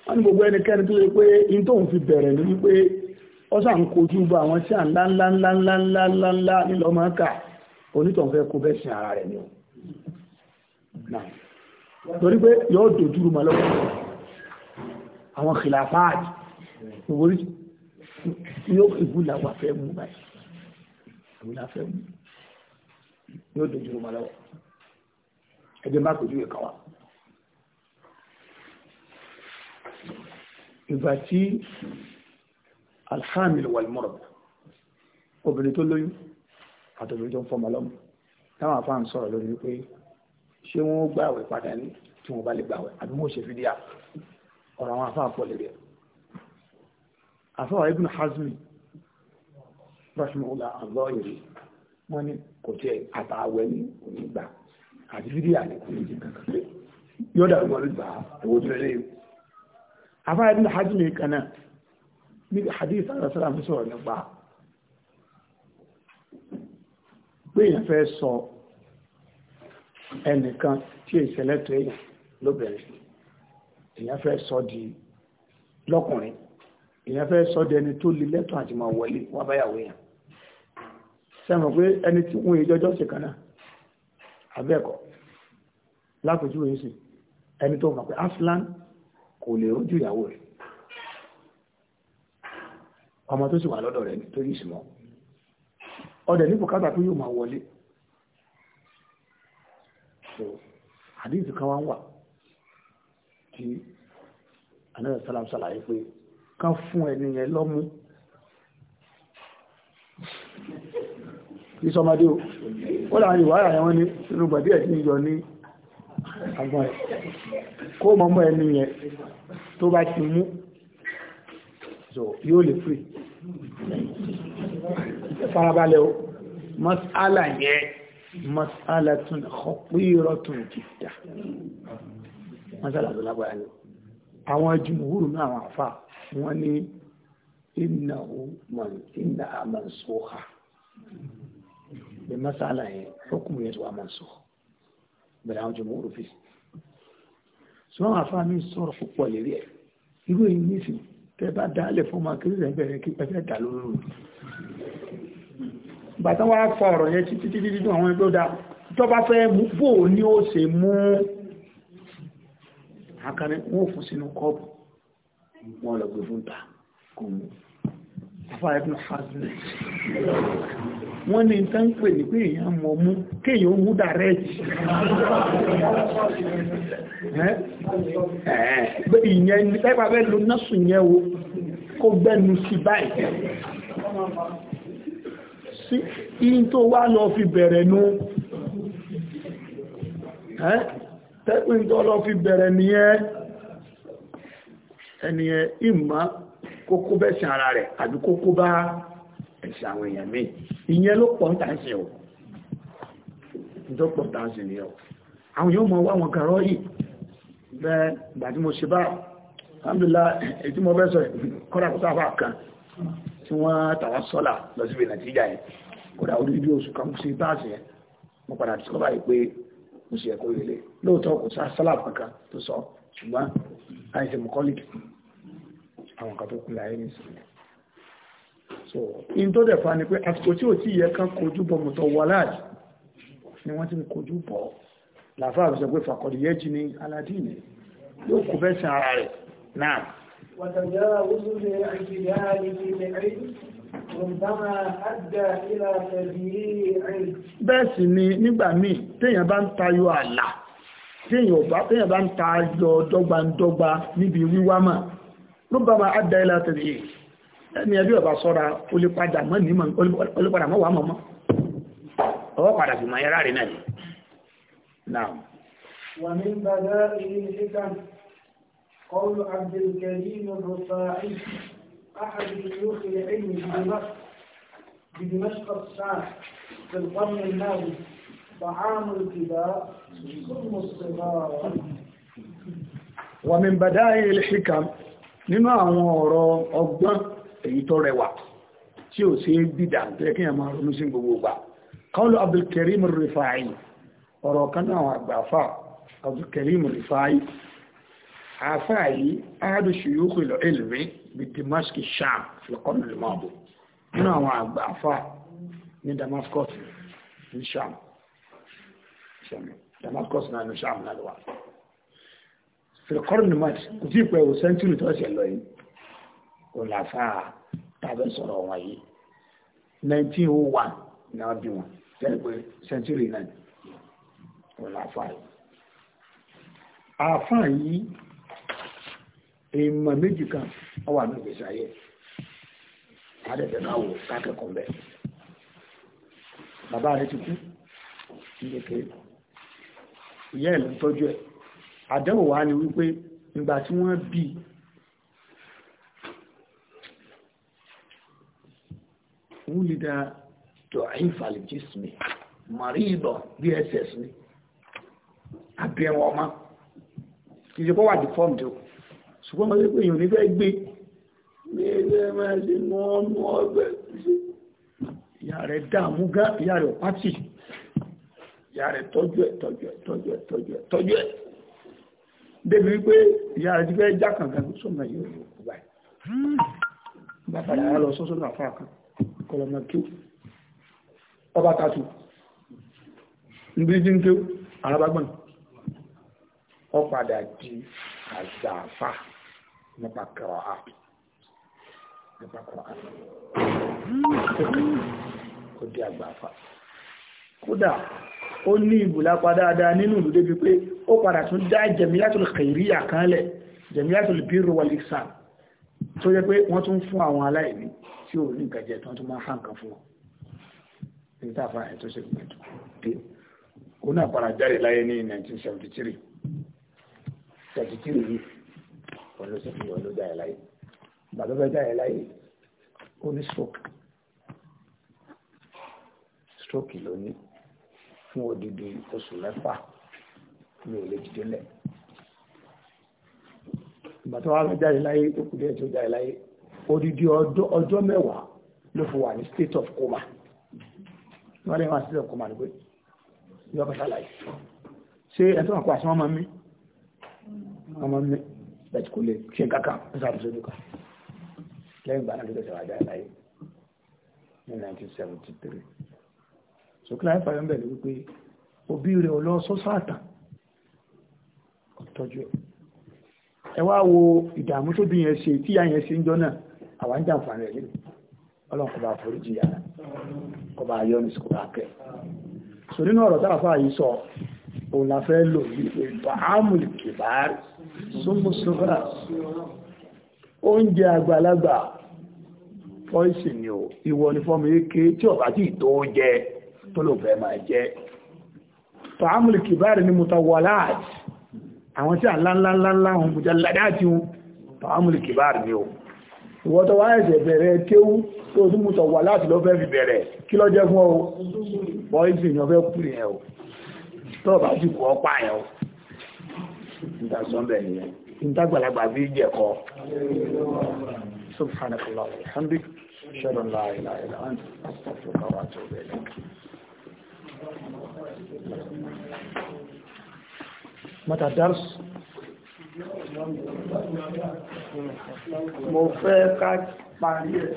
wọ́n gbogbo ẹnikẹ́ni fi bẹ̀rẹ̀ ní wípé ó sà ń kojú bọ àwọn tí à ńlá ńlá ńlá ńlá ńlá ńlá ńlá nílọ máa kà onítọ̀ fẹ́ kó bẹ́ sin ara rẹ̀ ni o torí pé yóò dojúrú ma lọ́wọ́ àwọn kìláfáàdì ìwòrí yóò ìbúlà fẹ́ mú báyìí ìgbà tí الحامل walmurab obìnrin tó lóyún àtòbìnrin tó ń fọmọ lọ́mọ táwọn afáàn sọ̀rọ̀ lórí wípé ṣé wọ́n gbàwẹ̀ padà ní tí wọ́n bá lè gbàwẹ̀ àbí wọ́n ṣe fídíà ọ̀rọ̀ àwọn afáà pọ̀ lórí ẹ̀ afáà ibn hazmi rahimahullah allah yìí wọ́n ní kò tiẹ̀ àtàwẹ̀ ní onígbà àti fídíà ní kò ní jẹ kankan yóò dàbí wọn gbà owó tó lè afáà ibn hazmi kan náà níbi hadith àrẹ́sára fi sọ̀rọ̀ nípa pé èèyàn fẹ́ sọ ẹnìkan tí ìṣẹ̀lẹ̀ tó èèyàn lóbìnrin èèyàn fẹ́ sọ di lọ́kùnrin èèyàn fẹ́ sọ di ẹni tó lè lẹ́tọ̀ àti máa wọlé wá báyàwó èèyàn sẹ́mọ̀ pé ẹni tí wọ́n ìjọjọ́ sí kan náà abẹ́ẹ̀kọ́ lápòjú ẹni tó mọ̀ pé aslan kò lè rójú ìyàwó rẹ̀ ọmọ tó sì wà lọ́dọ̀ rẹ̀ tó yìí símọ́ ọdẹ̀ ní bùkátà tó yóò máa wọlé so àdíjì kan wá ń wà tí anáyọ̀ sálàm sàlàyé pé kán fún ẹni yẹn lọ́mú ìsọmọdé o ó láàrin ìwárà yẹn wọ́n ní inú gbàdí ẹ̀ tí ń yọ ní agbọ́n ẹ̀ kó mọ́mọ́ ẹni yẹn tó bá ti mú so yóò lè free farabalẹ̀ o masala yẹ masala tún ọ̀pírọ̀ tún jìdá masala tó lágbàá lọ àwọn jùmúhùrù náà àwọn àfà wọ́n ní iná àmàṣóhà bí masala yẹ hukumu yẹ tó àmàṣóhà bẹ̀rẹ̀ àwọn jùmúhùrù fi sọ́wọ́n àfà mi sọ̀rọ̀ púpọ̀ lérí ẹ̀ irú èyí nísìnyí tẹ́ bá dálẹ̀ fún ma kìí rẹ̀ bẹ̀rẹ̀ kí pẹ̀fẹ́ dà lóòrùn bàtán wá fọ ọ̀rọ̀ yẹn títí títí títí àwọn ẹgbẹ́ ọ̀dá tó bá fẹ́ bò ní ó ṣe mú àkàrẹ wọ́n fún sínú kọ́ọ̀bù wọ́n lọ gbé fún ta kò mú afárẹ́bùn fásitì wọ́n ní tán pè ní pé èyàn mọ̀ mú kéèyàn mú dàrẹ́jì ìyẹn ní pẹ́pà bẹ́ ló násù yẹn o kó gbẹ́nu sí báyìí sí in tó wá lọ fi bẹ̀rẹ̀ nú tẹ́pìn tó lọ fi bẹ̀rẹ̀ nìyẹn ẹniyẹn ìmá kókó bẹ́ sí ara rẹ̀ àbí kókó bá ẹ̀sìn àwọn èèyàn míì ìyẹn ló pọ̀ ń tà ń ṣe o tó pọ̀ tà ń ṣe nìyẹn o àwọn yóò mọ̀ wá wọn kàrọ yìí bẹ́ẹ̀ gbà tí mo ṣe báyìí alhamdulillah èyí tí mo fẹ́ sọ kọ́dà kó sáfà kan tí wọ́n tàwa sọ́là lọ síbi nàìjíríà yẹn kódà orí bí oṣù kan sí ṣùgbọ́n àìsè mọ̀kọ́lì àwọn kan láyé ní ìsinmi so in tó dẹ̀ fa ni pé àsìkò tí ò tí yẹ kán kojú bọ̀ mọ̀tọ̀ wà láàjì ni wọ́n ti ń kojú bọ̀ làfáà rẹ̀ sọ pé fàkọ̀dì yẹ́ jí ní aládìní yóò kú bẹ́sẹ̀ ara rẹ̀ náà وتجاوز ni nígbà míì téèyàn bá ń tayọ àlà téèyàn bá ń tayọ dọ́gbandọ́gba níbi wíwá mà ربما أدى إلى تبيير ẹni ẹbí ọba sọ́ra olùpadà mọ́ ní mọ́ olùpadà mọ́ wà mọ́ mọ́ ọwọ́ padà fi mọ́ ẹ̀rá rẹ̀ náà náà. wà ní bàdá ìlú ṣíkàn قول عبد الكريم الرفاعي أحد شيوخ العلم بدمشق بدمشق الساعة في القرن الماضي طعام الكبار سم الصغار ومن بدائع الحكم nínú àwọn ọ̀rọ̀ ọgbọ́n èyí tó rẹwà tí ò sí dídà tẹ́ kí ẹ máa ronú sí gbogbo gbà kọ́lù abdulkarim rifai ọ̀rọ̀ kan náà àgbàfà abdulkarim rifai àfáà yìí áàdù ṣùyúkù ìlọ ìlúwé bí dimaski sham fìlọ́kọ́nù lèmọ́bù nínú àwọn àgbàfà ní damascus ní sham damascus náà ní sham náà lọ́wọ́ fìlọ́kọ́nù lèmọ́bù kò tí ì pẹ́ sẹ́ńtúrì tó ṣe yìí kòlàfà tàbí sọ̀rọ̀ wọn yìí nineteen oh one náà bí wọn tẹ́lẹ̀ sẹ́ńtúrì náà kòlàfà yìí. àáfàá yìí èèmọ̀ méjì kan ọwà ní ìgbésí ayé adẹ́tẹ̀ká wò kákẹ́kọ̀ọ́ bẹ́ẹ̀ bàbá rẹ̀ ti kú nígbèkèrè ìyá ẹ̀ ló ń tọ́jú ẹ̀ àdẹ́wò wá ni wípé ìgbà tí wọ́n bí i wúlìdá dọ̀ífà lè jísmi maríbọ̀ dss ni abẹ́wọ̀n ọmọ ìjọba wà ní fọ́ọ̀mù tó ṣùgbọ́n wọ́n pé èèyàn nífẹ̀ẹ́ gbé ní ẹgbẹ́ máa ṣe mọ́ ọmọ ọgbẹ́ ìyá rẹ̀ dààmú gá ìyá rẹ̀ pátì ìyá rẹ̀ tọ́jú ẹ̀ tọ́jú ẹ̀ tọ́jú ẹ̀ tọ́jú ẹ̀ tọ́jú ẹ̀ débi wípé ìyá rẹ̀ ti fẹ́ já kankan sọ́mọ yìí ò ní òkú báyìí bàbá rẹ̀ lọ sọ́sọ́dọ̀ kọlọmọ kí ọba tàtù ndí jí ń kí arábágbọ́n ọ padà di àzàfà nípa kọrọ á nípa kọrọ á ó di àgbàfà kódà ó ní ìbùlápa dáadáa nínú ìlú débi pé ó padà tún dá jẹmíyàtò kẹrìyà kan lẹ̀ jẹmíyàtò bírò wal ihsan tó yẹ pé wọ́n tún fún àwọn aláìní tí ò ní nǹkan jẹ tán tó máa fà nǹkan fún ọ èyí tá a fà ẹ̀ tó ṣe gbẹ̀tù pé òun náà padà jáde láyé ní 1973 73 yìí wọn ló ṣe fi wọn ló jáde láyé bàbá bá jáde láyé ó ní stroke stroke ló ní fún odidi oṣù mẹ́fà ní olè jíjẹ́lẹ̀ ìgbà tó wà lọ jáde láyé tó kù díẹ̀ tó jáde láyé odidi ọjọ́ mẹ́wàá ló fi wà ní state of coma wọ́n lè wọ́n state of coma lóògbé yọ bá ṣàlàyé ṣé ẹ̀tọ́ àpò àṣọ ọmọ mi ọmọ mi bẹ̀tì kò lè ṣe kankan ó sáré sójú lẹ́yìn ìgbà náà ló tẹ̀sẹ̀ wájà ní 1973 so láyé fàyọ̀ ń bẹ̀rẹ̀ wípé òbí rẹ̀ ọlọ́ sọ́sàtà ọ̀tọ́jú ẹ̀ ẹ wá wo ìdààmú tó bí yẹn ṣe tíyà yẹn ṣe ń jọ náà àwọn ń jàǹfààní rẹ̀ lẹ́nu ọlọ́run kò bá foríjì yàrá kò bá yọ nísìkò bá kẹ́ so nínú ọ̀rọ̀ táàfà yìí sọ òun la fẹ́ lò ní ìbá ámùlì kìbáàrì súnmùsùnmùrà oúnjẹ àgbàlagbà fọ́ìsì ni ò ìwọ ni fọ́mù ike tí ọ̀bá tí ìtò oúnjẹ tó lò fẹ́ máa jẹ́ fàámùlì kìbáàrì ni mutawalaat àwọn tí à ńláńláńláńlá wọn mú jẹ́ ládájú fàámùlì kìbáàrì ni ò ìwọ́n tó wá ẹ̀sẹ̀ bẹ̀rẹ̀ kéwú tó tún mútọ̀ wà láti lọ fẹ́ fi bẹ̀rẹ̀ kí lọ jẹ́ fún ọ bọ́ìsì ìyàn fẹ́ kú rẹ̀ ọ tó bá sì kú ọpá ẹ̀ ọ ìdásọ́bẹ̀ yẹn ìdágbàlagbà bí jẹ̀kọ́ subhanallah alhamdulillah ṣẹ́rọ̀ láìláìláà متى الدرس mo fẹ́ ká parí ẹ̀.